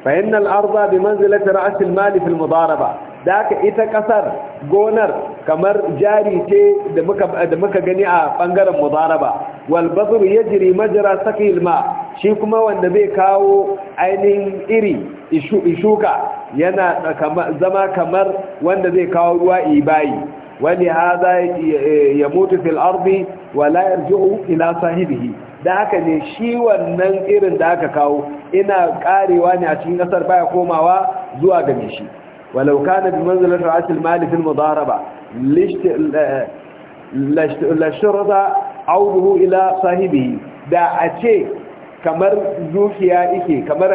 fa innal arda bi manzilati ra's al mal fi al mudaraba da ka ita ƙasar gonar kamar jari ce da muka gani a ɓangaren mudaraba wal badru yajri majra saqil ma shi kuma wanda bai kawo ainihin iri ishuka yana zama kamar wanda zai kawo ruwa ibayi wani ya mutu fil ardi wala yarji'u ila sahibihi da haka ne shi wannan irin da aka kawo ina karewa ne a cikin kasar baya komawa zuwa ga mai shi walau kana bi manzalar rasul mali fil mudaraba lashirata auduhu ila sahibi da a ce kamar dukiya ike kamar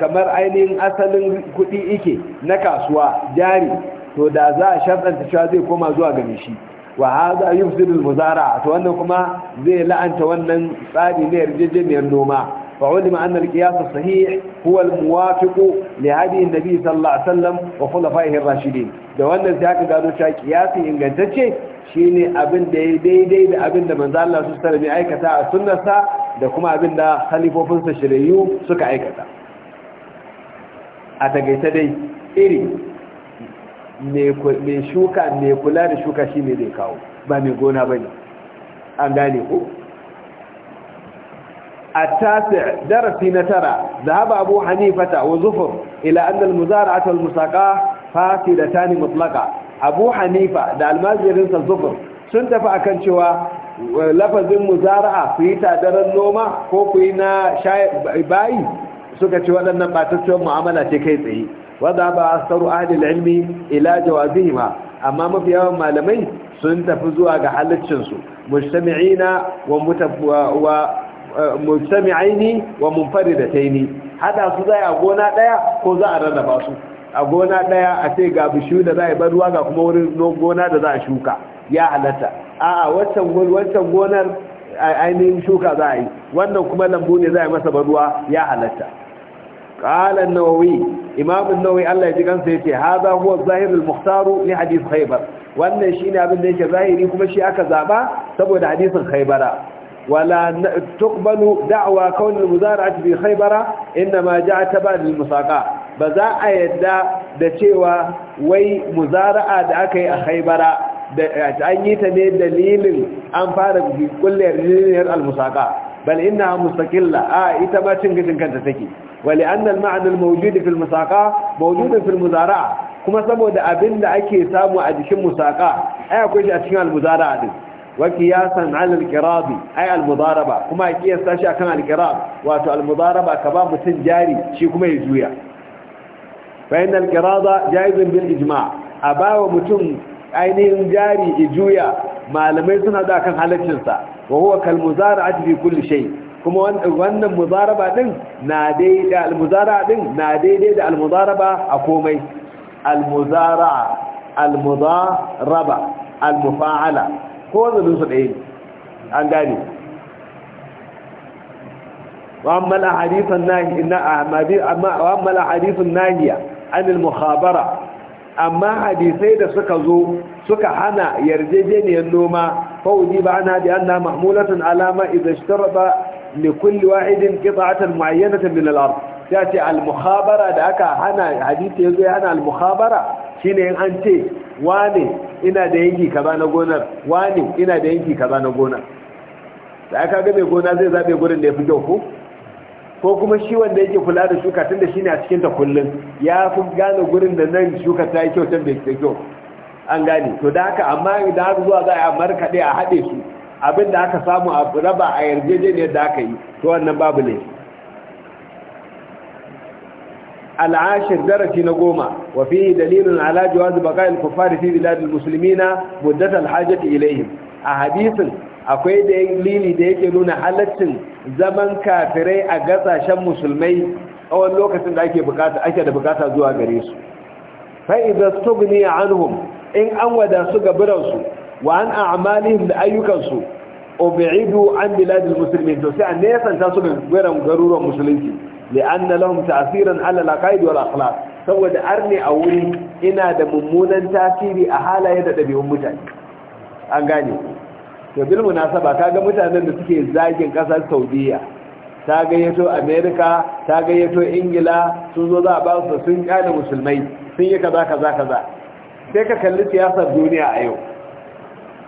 kamar ainihin asalin kuɗi ike na kasuwa jari to da za a sharɗanta cewa zai koma zuwa ga shi wa haza yufsidul muzara to wannan kuma zai la'anta wannan tsari na yarjejeniyar noma فعلم أن القياس الصحيح هو الموافق لهدي النبي صلى الله عليه وسلم وخلفائه الراشدين da wannan sai aka gano cewa kiyasi ingantacce shine abin da ya daidai da abinda da manzo Allah aikata a sunnarsa da kuma abin da khalifofinsa shiriyu suka aikata a tagaita dai iri mai kula da shuka shine zai kawo ba mai gona bane an gane ko التاسع درس نترى ذهب أبو حنيفة وزفر إلى أن المزارعة والمساقاة فاسدتان مطلقة أبو حنيفة ده المازل ينسى الزفر سنتفع أكن شوى lafazin muzara'a ku yi tadarar noma ko kuyi yi na bayi suka ci waɗannan ɓataccen mu'amala ce kai tsaye wadda ba a saru ahalil ilmi ila ba, amma mafi yawan malamai sun tafi zuwa ga halaccinsu mujtami'ina mujtami'aini wa munfaridataini hada su zai a gona daya ko za a rarraba su a gona daya a ce ga bishiyu da za a bar ruwa ga kuma wurin gona da za a shuka ya halatta a'a wancan wancan gonar ainihin shuka za a yi wannan kuma lambu ne za a yi masa ruwa ya halatta قال النووي امام النووي الله يجي kansa yace hada huwa الظاهر المختار لحديث خيبر wannan shine abin da yake zahiri kuma shi aka zaba saboda hadisin khaybara ولا تقبل دعوى كون المزارعة في خيبرة إنما جاء تبادل المساقات ba za a yadda da cewa wai muzara'a da aka yi a haibara da an yi ta ne dalilin an fara kullayar riniyar almusaka bal inna mustaqilla a ita ma cin gashin kanta take wali anna al-ma'na al-mawjud fi al-musaqa mawjud fi al musaqa mawjud fi al kuma saboda abin da ake samu a jikin musaka ai akwai shi a cikin al-muzara'a din wa qiyasan ala al-qirab ay al-mudaraba kuma kiyasta shi akan al-qirab wato al ka ba mutum jari shi kuma ya juya fa inna al-qirada jaizun bil ijma' abawa mutun ainihin jari ya juya malamai suna da kan halaccinsa wa huwa kal muzara'ati fi kuma wannan muzaraba din na daidai da na daidai da almuzaraba a komai almuzara almuzaraba almufa'ala ko wanzanin su ɗaya an gane wammala hadisun nahiya anil amma hadisai da suka zo suka hana yarjejeniyar noma fa'udi ba ana da ana mahmulatun alama idan shirba ne kulli wa'idin kitsatar ma'ayyanatar min al'ar ya ce al-muhabara da aka hana hadisai ya zo ya hana al-muhabara shi an ce wane ina da yanki ba na gonar wane ina da yanki ba na gonar da aka ga mai gona zai zabe gurin da ya fi kyau ko ko kuma shi wanda yake kula da shuka tun da shi ne a ta kullum ya fi gane gurin da nan shuka ta yi kyau tun bai kyau an gane to da haka amma da har zuwa za a yi markaɗe a haɗe su abin da aka samu a raba a yarjejeniyar da aka yi to wannan babu ne al'ashir darasi na goma wa fihi dalilun ala jawazi baqa'il kuffari fi biladil muslimina muddat al hajati ilayhim a hadisin akwai dalili da yake nuna halaccin zaman kafirai a gasashen musulmai tsawon lokacin da ake bukata ake da bukata zuwa gare su fa idza stugni anhum in an wada su ga su wa an a'malihim da ayyukan su ubidu an biladil muslimin to sai an nesanta su ga garuruwan musulunci لأن لهم تأثيرا على العقائد والأخلاق saboda arne a wuri ina da mummunan tasiri a halaye da ɗabi'un mutane an gane to bil munasaba kaga mutanen da suke zagin ƙasar Saudiya ta gayyato America ta gayyato Ingila sun zo za a ba su sun kyale musulmai sun yi kaza kaza kaza sai ka kalli siyasar duniya a yau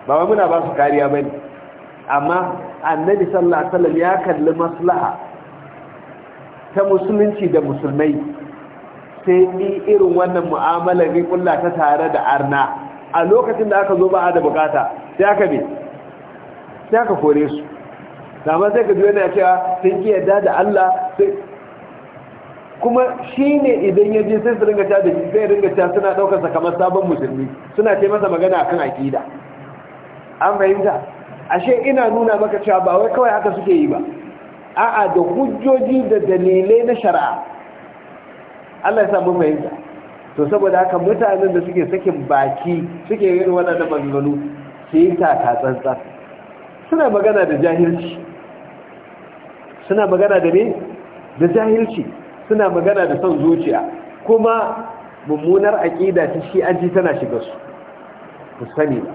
ba wai muna ba su kariya bane amma annabi sallallahu ya kalli maslaha ta musulunci da musulmai sai ni irin wannan mu'amala ni ta tare da arna a lokacin da aka zo ba da bukata sai aka ne sai aka kore su dama sai ka biyo na cewa ah, sun ki yadda da Allah kuma shi ne idan ya je sai su ringa ta shi sai ringa ta suna daukar sa sabon musulmi suna ce masa magana akan akida an fahimta ashe ina nuna maka cewa ba wai kawai haka suke yi ba a'a da hujjoji da dalilai na shari'a Allah ya samu fahimta to saboda haka mutanen da suke sakin baki suke yin waɗannan maganganu su yi taka tsantsan suna magana da jahilci suna magana da ne da jahilci suna magana da son zuciya kuma mummunar aƙida ta shi an ji tana shiga su ku sani ba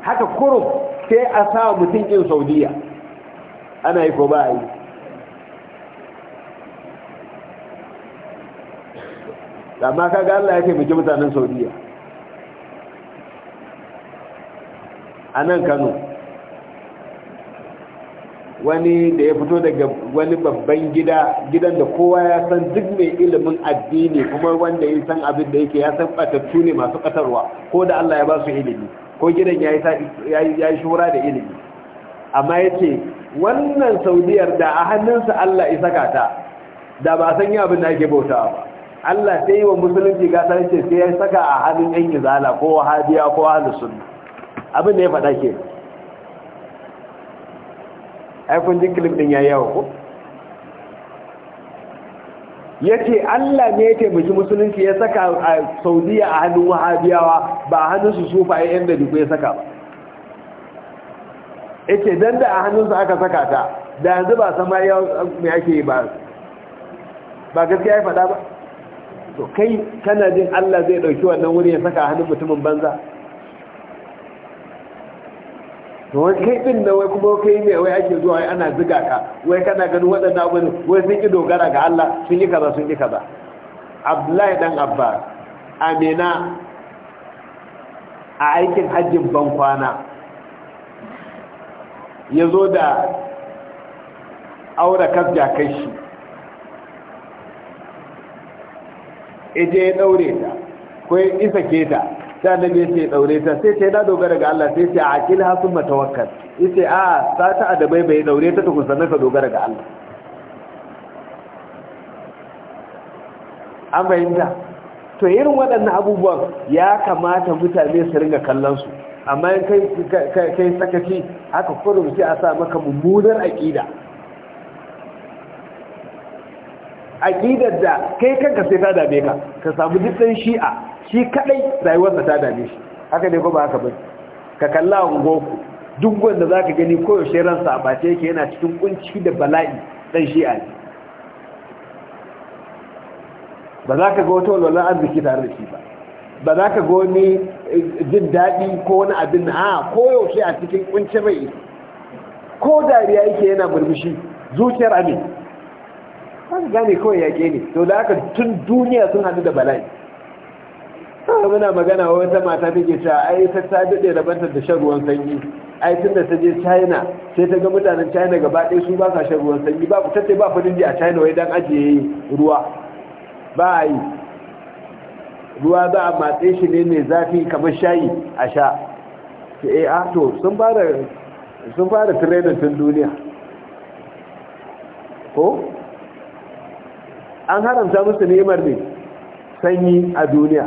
haka kurum sai a sa mutum kin saudiya ana yi ko ba a yi amma kaga Allah ya taimaki mutanen saudiya a nan kano wani da ya fito daga wani babban gida gidan da kowa ya san duk mai ilimin addini kuma wanda ya san abin da yake ya san batattu ne masu katarwa ko da Allah ya ba su ilimi ko gidan ya yi shura da ilimi amma ya ce wannan saudiyar da a hannunsa Allah isa kata da ba san yi abin da ake bauta ba Allah ta yi wa musulunci gata ce sai ya saka a hannun yan izala ko wahabiya ko hannun sun abin da ya faɗa ke aikun kun ji ɗin ya yi yawa ko ce Allah ne ya taimaki musulunci ya saka a Saudiya a hannun wahabiyawa ba a hannun su sufaye yan da duk ya saka ba yace dan da a hannunsa aka saka ta da yanzu ba san mai ake yi ba ba gaskiya ya faɗa ba to kai kana jin Allah zai dauki wannan wuri ya saka a hannun mutumin banza to wani kai din da wai kuma kai mai wai ake zuwa ana ziga ka wai kana ganin waɗannan abin wai sun ki dogara ga Allah sun yi kaza sun yi kaza Abdullahi dan Abba Amina a aikin hajjin ban kwana ya zo da aure kas kai shi ije ya daure ta ko ya isa ke ta ta annabi ce ya daure ta sai ce na dogara ga Allah sai ce a akil hasun matawakkal yace a sa ta adabai bai daure ta tukun sannan ka dogara ga Allah an bayyana to irin waɗannan abubuwan ya kamata mutane su ringa kallon su amma in kai kai sakaci haka kurum a sa maka mummunar aqida aqidar da kai kanka sai ta dame ka ka samu dukkan shi'a shi kadai rayuwarsa ta dame shi haka ne ko ba haka ba ka kalla ungoku duk wanda zaka gani koyaushe ransa a bace yake yana cikin kunci da bala'i dan shi'a ne ba za ka ga wata walwalar arziki tare da shi ba ba za ka ga wani jin daɗi ko wani abin a koyaushe a cikin kuncin mai ko dariya yake yana murmushi zuciyar amin an gane kawai yaƙe ne to da aka tun duniya sun hannu da bala'i muna magana wa wata mata take cewa ai ta ta daɗe rabanta da shan ruwan sanyi ai tun da ta je china sai ta ga mutanen china gaba ɗaya su ba sa shan ruwan sanyi ba ku tattai ba farin ji a china wai dan ajiye ruwa ba a yi ruwa za a matse shi ne mai zafi kamar shayi a sha ta e eh, a ah, to sun fara tirenin tun duniya ko an haramta musu nemar ne sanyi a duniya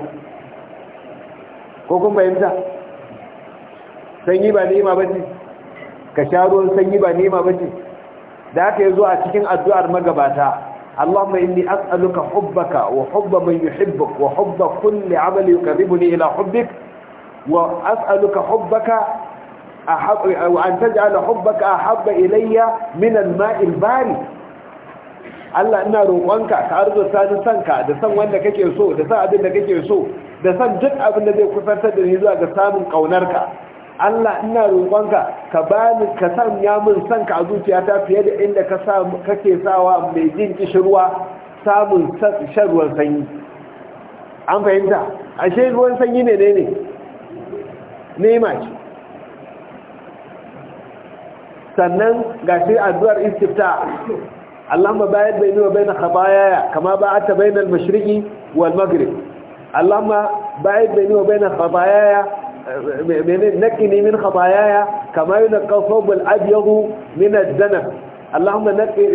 ko kun bayanta sanyi ba nema ba ce ka sha ruwan sanyi ba nema ba ce da aka yi zuwa cikin addu'ar magabata اللهم إني أسألك حبك وحب من يحبك وحب كل عمل يقربني إلى حبك وأسألك حبك أحب وأن تجعل حبك أحب إلي من الماء البارد Allah ina roƙonka ka arzuta ni sanka da san wanda kake so da san abin da kake so da san duk abin da zai kusantar da ni zuwa ga samun ƙaunarka Allah ina roƙonka ka bani ka sanya min san ka a zuciyata fiye da inda ka sa kake sawa mai jin kishirwa samun shan ruwan sanyi an fahimta ashe ruwan sanyi ne ne ne nema ce sannan ga shi addu'ar istifta ma bayar bai wa bai na khabayaya kama ba a ta bai na al-mashriqi wal maghrib bayar bai wa bai na khabayaya نكني من خطاياي كما ينقى الثوب الابيض من الذنب اللهم نقي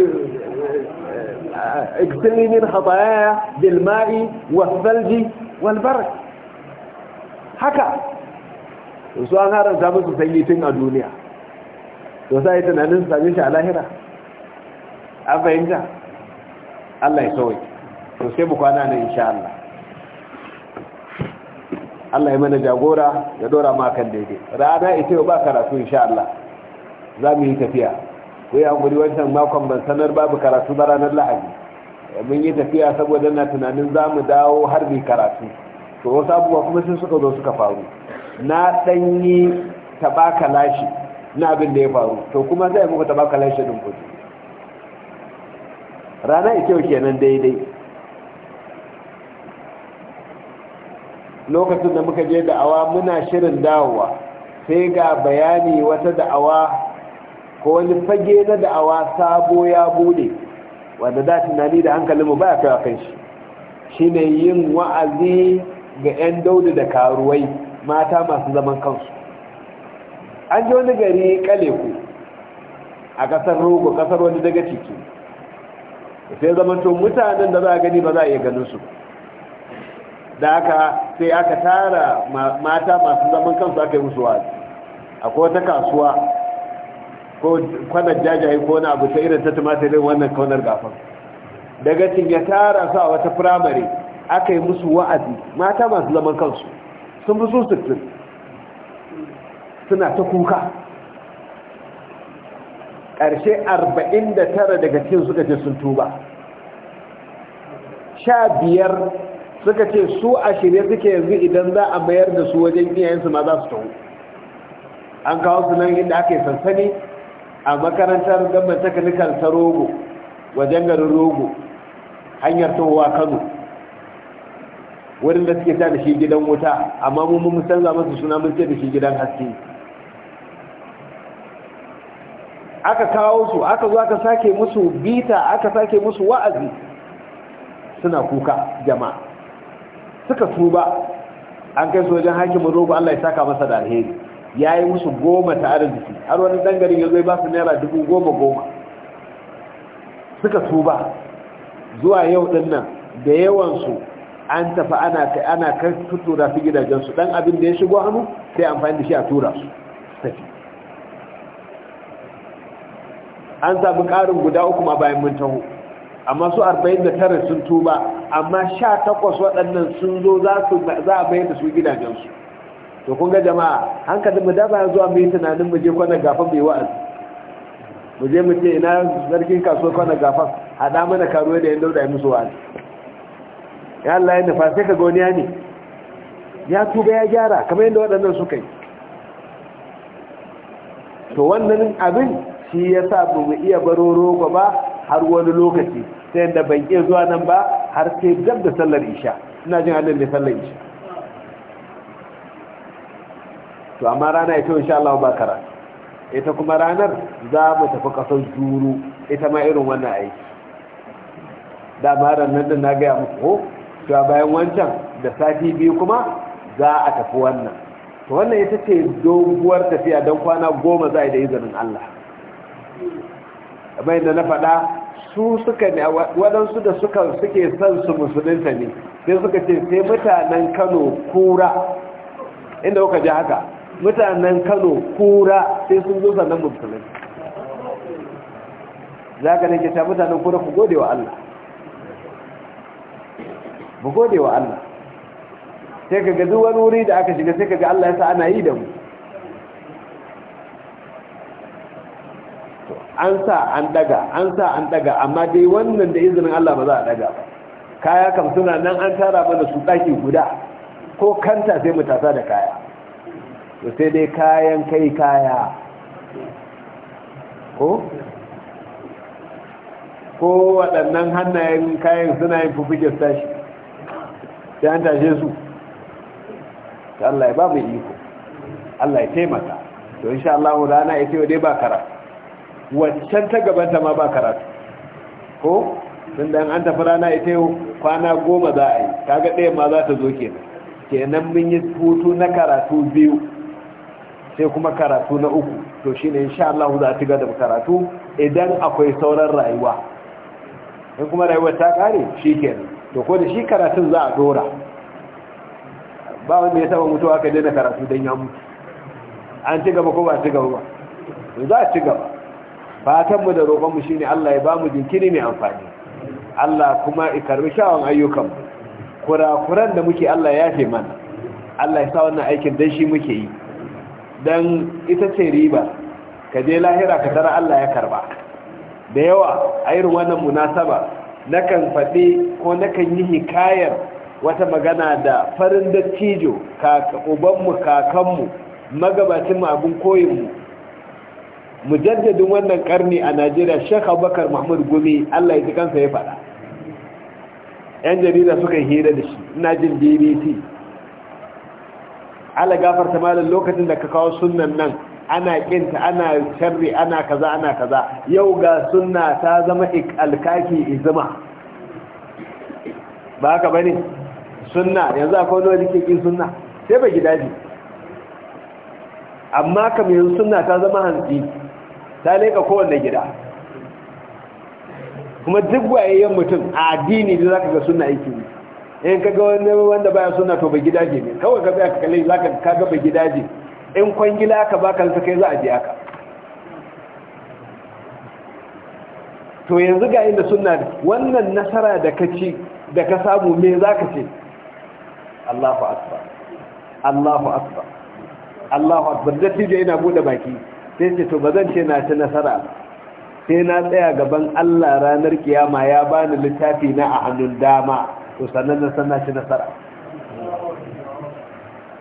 اغسلني من خطاياي بالماء والثلج والبرد haka su an haranta musu sanyi tun a duniya to sai tunanin su same shi a lahira an fahimta Allah ya sauke to sai mu kwana nan insha Allah Allah ya mana jagora ya dora ma daidai rana ita yau ba karatu insha Allah za mu yi tafiya ko ya guri wancan makon ban sanar babu karatu ba ranar lahadi mun yi tafiya saboda na tunanin za mu dawo har bi karatu to wasu abubuwa kuma sai suka zo suka faru na ɗanyi tabaka lashi na abin da ya faru to kuma zai muku tabaka lashi din kuɗi rana ita yau kenan daidai lokacin da muka je da'awa muna shirin dawowa sai ga bayani wata da'awa ko wani fage na da'awa sabo ya bude wanda da tunani da hankalinmu ba ya kai shi shine yin wa'azi ga 'yan daudu da karuwai mata masu zaman kansu an ji wani gari kaleku a kasar rogo kasar wani daga ciki sai zamanto mutanen da za a gani ba za a iya ganin su da aka sai aka tara mata masu zaman kansu aka yi musu wa'azi akwai wata kasuwa ko kwanar jajaye ko wani abu ta irin ta tumatirin wannan kaunar gafan daga cin ya tara su a wata firamare aka yi musu wa'azi mata masu zaman kansu sun fi su sittin suna ta kuka ƙarshe arba'in da tara daga cikin suka ce sun tuba sha biyar suka ce su a shirye suke yanzu idan za a mayar da su wajen iyayensu ma za su tawo an kawo su nan inda aka yi sansani a makarantar gabar takanikar ta rogo wajen garin rogo hanyar tawowa kano wurin da suke ta da shi gidan wuta amma mu mun canza masu suna mun ce da shi gidan haske aka kawo su aka zo aka sake musu bita aka sake musu wa'azi suna kuka jama'a suka tuba an kai sojan hakimin rogo Allah ya saka masa da alheri ya yi musu goma ta arziki har wani dangarin ya zo ba su naira dubu goma goma suka tuba zuwa yau din nan da yawansu an tafi ana kai ana kai tutura su gidajensu dan abin da ya shigo hannu sai amfani da shi a tura su tafi an sami karin guda uku ma bayan mun taho amma su 49 sun tuba amma 18 waɗannan sun zo za a bayar da su gidajensu to kun ga jama'a hankalin mu da ba zuwa yi tunanin mu je kwana gafan mai wa'azi mu je mu ce ina zargin kasuwar kwana gafan haɗa mana karuwa da yan dauda ya musu wa'azi ya Allah ya nufa sai ka wani ya ne ya tuba ya gyara kamar yadda waɗannan suka yi to wannan abin shi ya sa bamu iya baro rogo ba har wani lokaci sai da ban iya zuwa nan ba har sai gab da sallar isha ina jin annan da sallar isha to amma rana ita insha Allah ba kara ita kuma ranar za mu tafi kasar juru ita ma irin wannan aiki da maran nan da na gaya muku ko to bayan wancan da sati biyu kuma za a tafi wannan to wannan ita ce doguwar tafiya don kwana goma za a yi da izinin Allah bai da na faɗa su suka ne waɗansu da suka suke son su musulunta ne sai suka ce sai mutanen kano kura inda kuka ji haka mutanen kano kura sai sun zo sannan musulunta za ka ke ta mutanen kura ku gode wa Allah ku gode wa Allah sai ka ga duk wani wuri da aka shiga sai ka ga Allah ya sa ana yi da mu an sa an daga an sa an daga amma dai wannan da izinin Allah ba za a daga ba kaya kam suna nan an tara mana su daki guda ko kanta sai mu tasa da kaya to sai dai kayan kai kaya ko ko waɗannan hannayen kayan suna yin fufuke tashi sai an tashe su Allah ya ba mu iko Allah ya taimaka to insha Allah rana ya dai ba karatu wancan ta gabanta ma ba karatu ko tun da an tafi rana ita yau kwana goma za a yi kaga ɗaya ma za ta zo kenan kenan mun yi hutu na karatu biyu sai kuma karatu na uku to shine insha Allah za a ci gaba karatu idan akwai sauran rayuwa in kuma rayuwar ta kare kenan. to ko da shi karatun za a dora ba wanda ya saba mutuwa aka daina karatu don ya mutu an ci gaba ko ba ci gaba ba za a ci gaba fatanmu da roƙonmu shi ne Allah ya ba mu jinkiri mai amfani Allah kuma ikarbi kyawun ayyukanmu kurakuran da muke Allah ya fi mana Allah ya sa wannan aikin don shi muke yi don ita ce riba ka je lahira ka tara Allah ya karba da yawa a irin wannan munasaba nakan faɗi ko nakan yi hikayar wata magana da farin dattijo ubanmu kakanmu magabacinmu abin koyinmu mujaddadin wannan karni a najeriya shekha bakar mahmud gumi allah ya ji kansa ya faɗa yan jarida suka hira da shi ina jin bbc ala gafarta malam lokacin da ka kawo sunan nan ana kinta ana sharri ana kaza ana kaza yau ga sunna ta zama alkaki izuma. ba haka bane sunna yanzu akwai wani ke kin sunna sai ba gidaje amma kamar yanzu sunna ta zama hantsi ta leka kowanne gida kuma duk wayayyen mutum a addini da zaka ga suna aiki ne in ga wani wanda baya suna to ba gida ne kawai ka tsaya ka ka ka kaga ba ne in kwangila ka baka ta kai za a biya ka to yanzu ga inda suna wannan nasara da ka ci da ka samu me ka ce Allahu akbar Allahu akbar Allahu akbar da tije yana bude baki sai ce to ba zan ce na ci nasara sai na tsaya gaban Allah ranar kiyama ya bani littafi na a hannun dama to sannan na san na ci nasara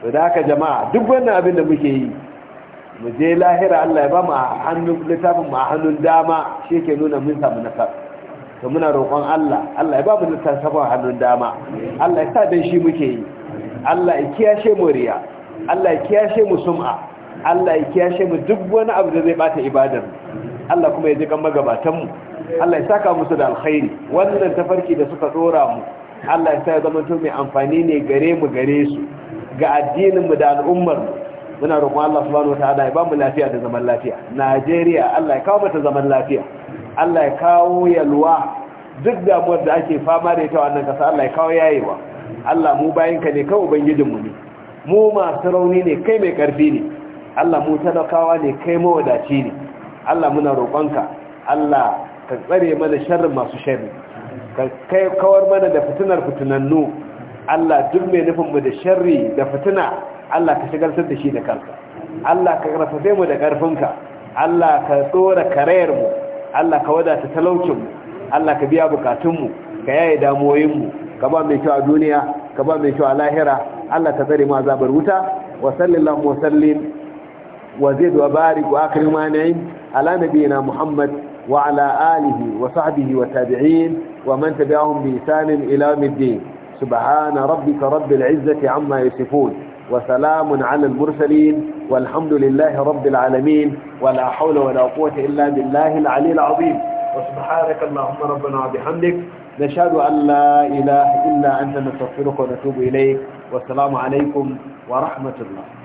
to da haka jama'a duk wannan abin da muke yi mu je lahira Allah ya ba mu a hannun littafin mu a hannun dama shi ke nuna mun samu nasara to muna roƙon Allah Allah ya ba mu littafin a hannun dama Allah ya sa dan shi muke yi Allah ya kiyashe mu riya Allah ya kiyashe mu sum'a Allah ya kiyashe mu duk wani abu da zai bata ibadar Allah kuma ya ji kan magabatan mu Allah ya saka musu da alkhairi wannan tafarki da suka tsora mu Allah ya sa ya zama to mai amfani ne gare mu gare su ga addinin mu da al'ummar mu muna roƙon Allah subhanahu wataala ya ba mu lafiya da zaman lafiya Najeriya Allah ya kawo mata zaman lafiya Allah ya kawo yalwa duk damuwar da ake fama da ita wannan kasa Allah ya kawo yayewa Allah mu ka ne kawai ubangijinmu ne mu masu rauni ne kai mai karfi ne Allah mu talakawa ne kai mawadaci ne Allah muna roƙonka Allah ka tsare mana sharrin masu sharri ka kai kawar mana da fitinar fitinannu Allah duk mai nufin mu da sharri da fitina Allah ka shigar da shi da kanka Allah ka karfafe mu da karfinka Allah ka tsora karayar mu Allah ka wadata talaucin mu Allah ka biya bukatun mu ka yaye damuwoyin mu ka ba mai kyau a duniya ka ba mai kyau a lahira Allah ka tsare mu azabar wuta wa sallallahu wa sallim وزد وبارك وآخر مانعين على نبينا محمد وعلى آله وصحبه وتابعين ومن تبعهم بإحسان إلى يوم الدين سبحان ربك رب العزة عما يصفون وسلام على المرسلين والحمد لله رب العالمين ولا حول ولا قوة إلا بالله العلي العظيم وسبحانك اللهم ربنا وبحمدك نشهد أن لا إله إلا أنت نستغفرك ونتوب إليك والسلام عليكم ورحمة الله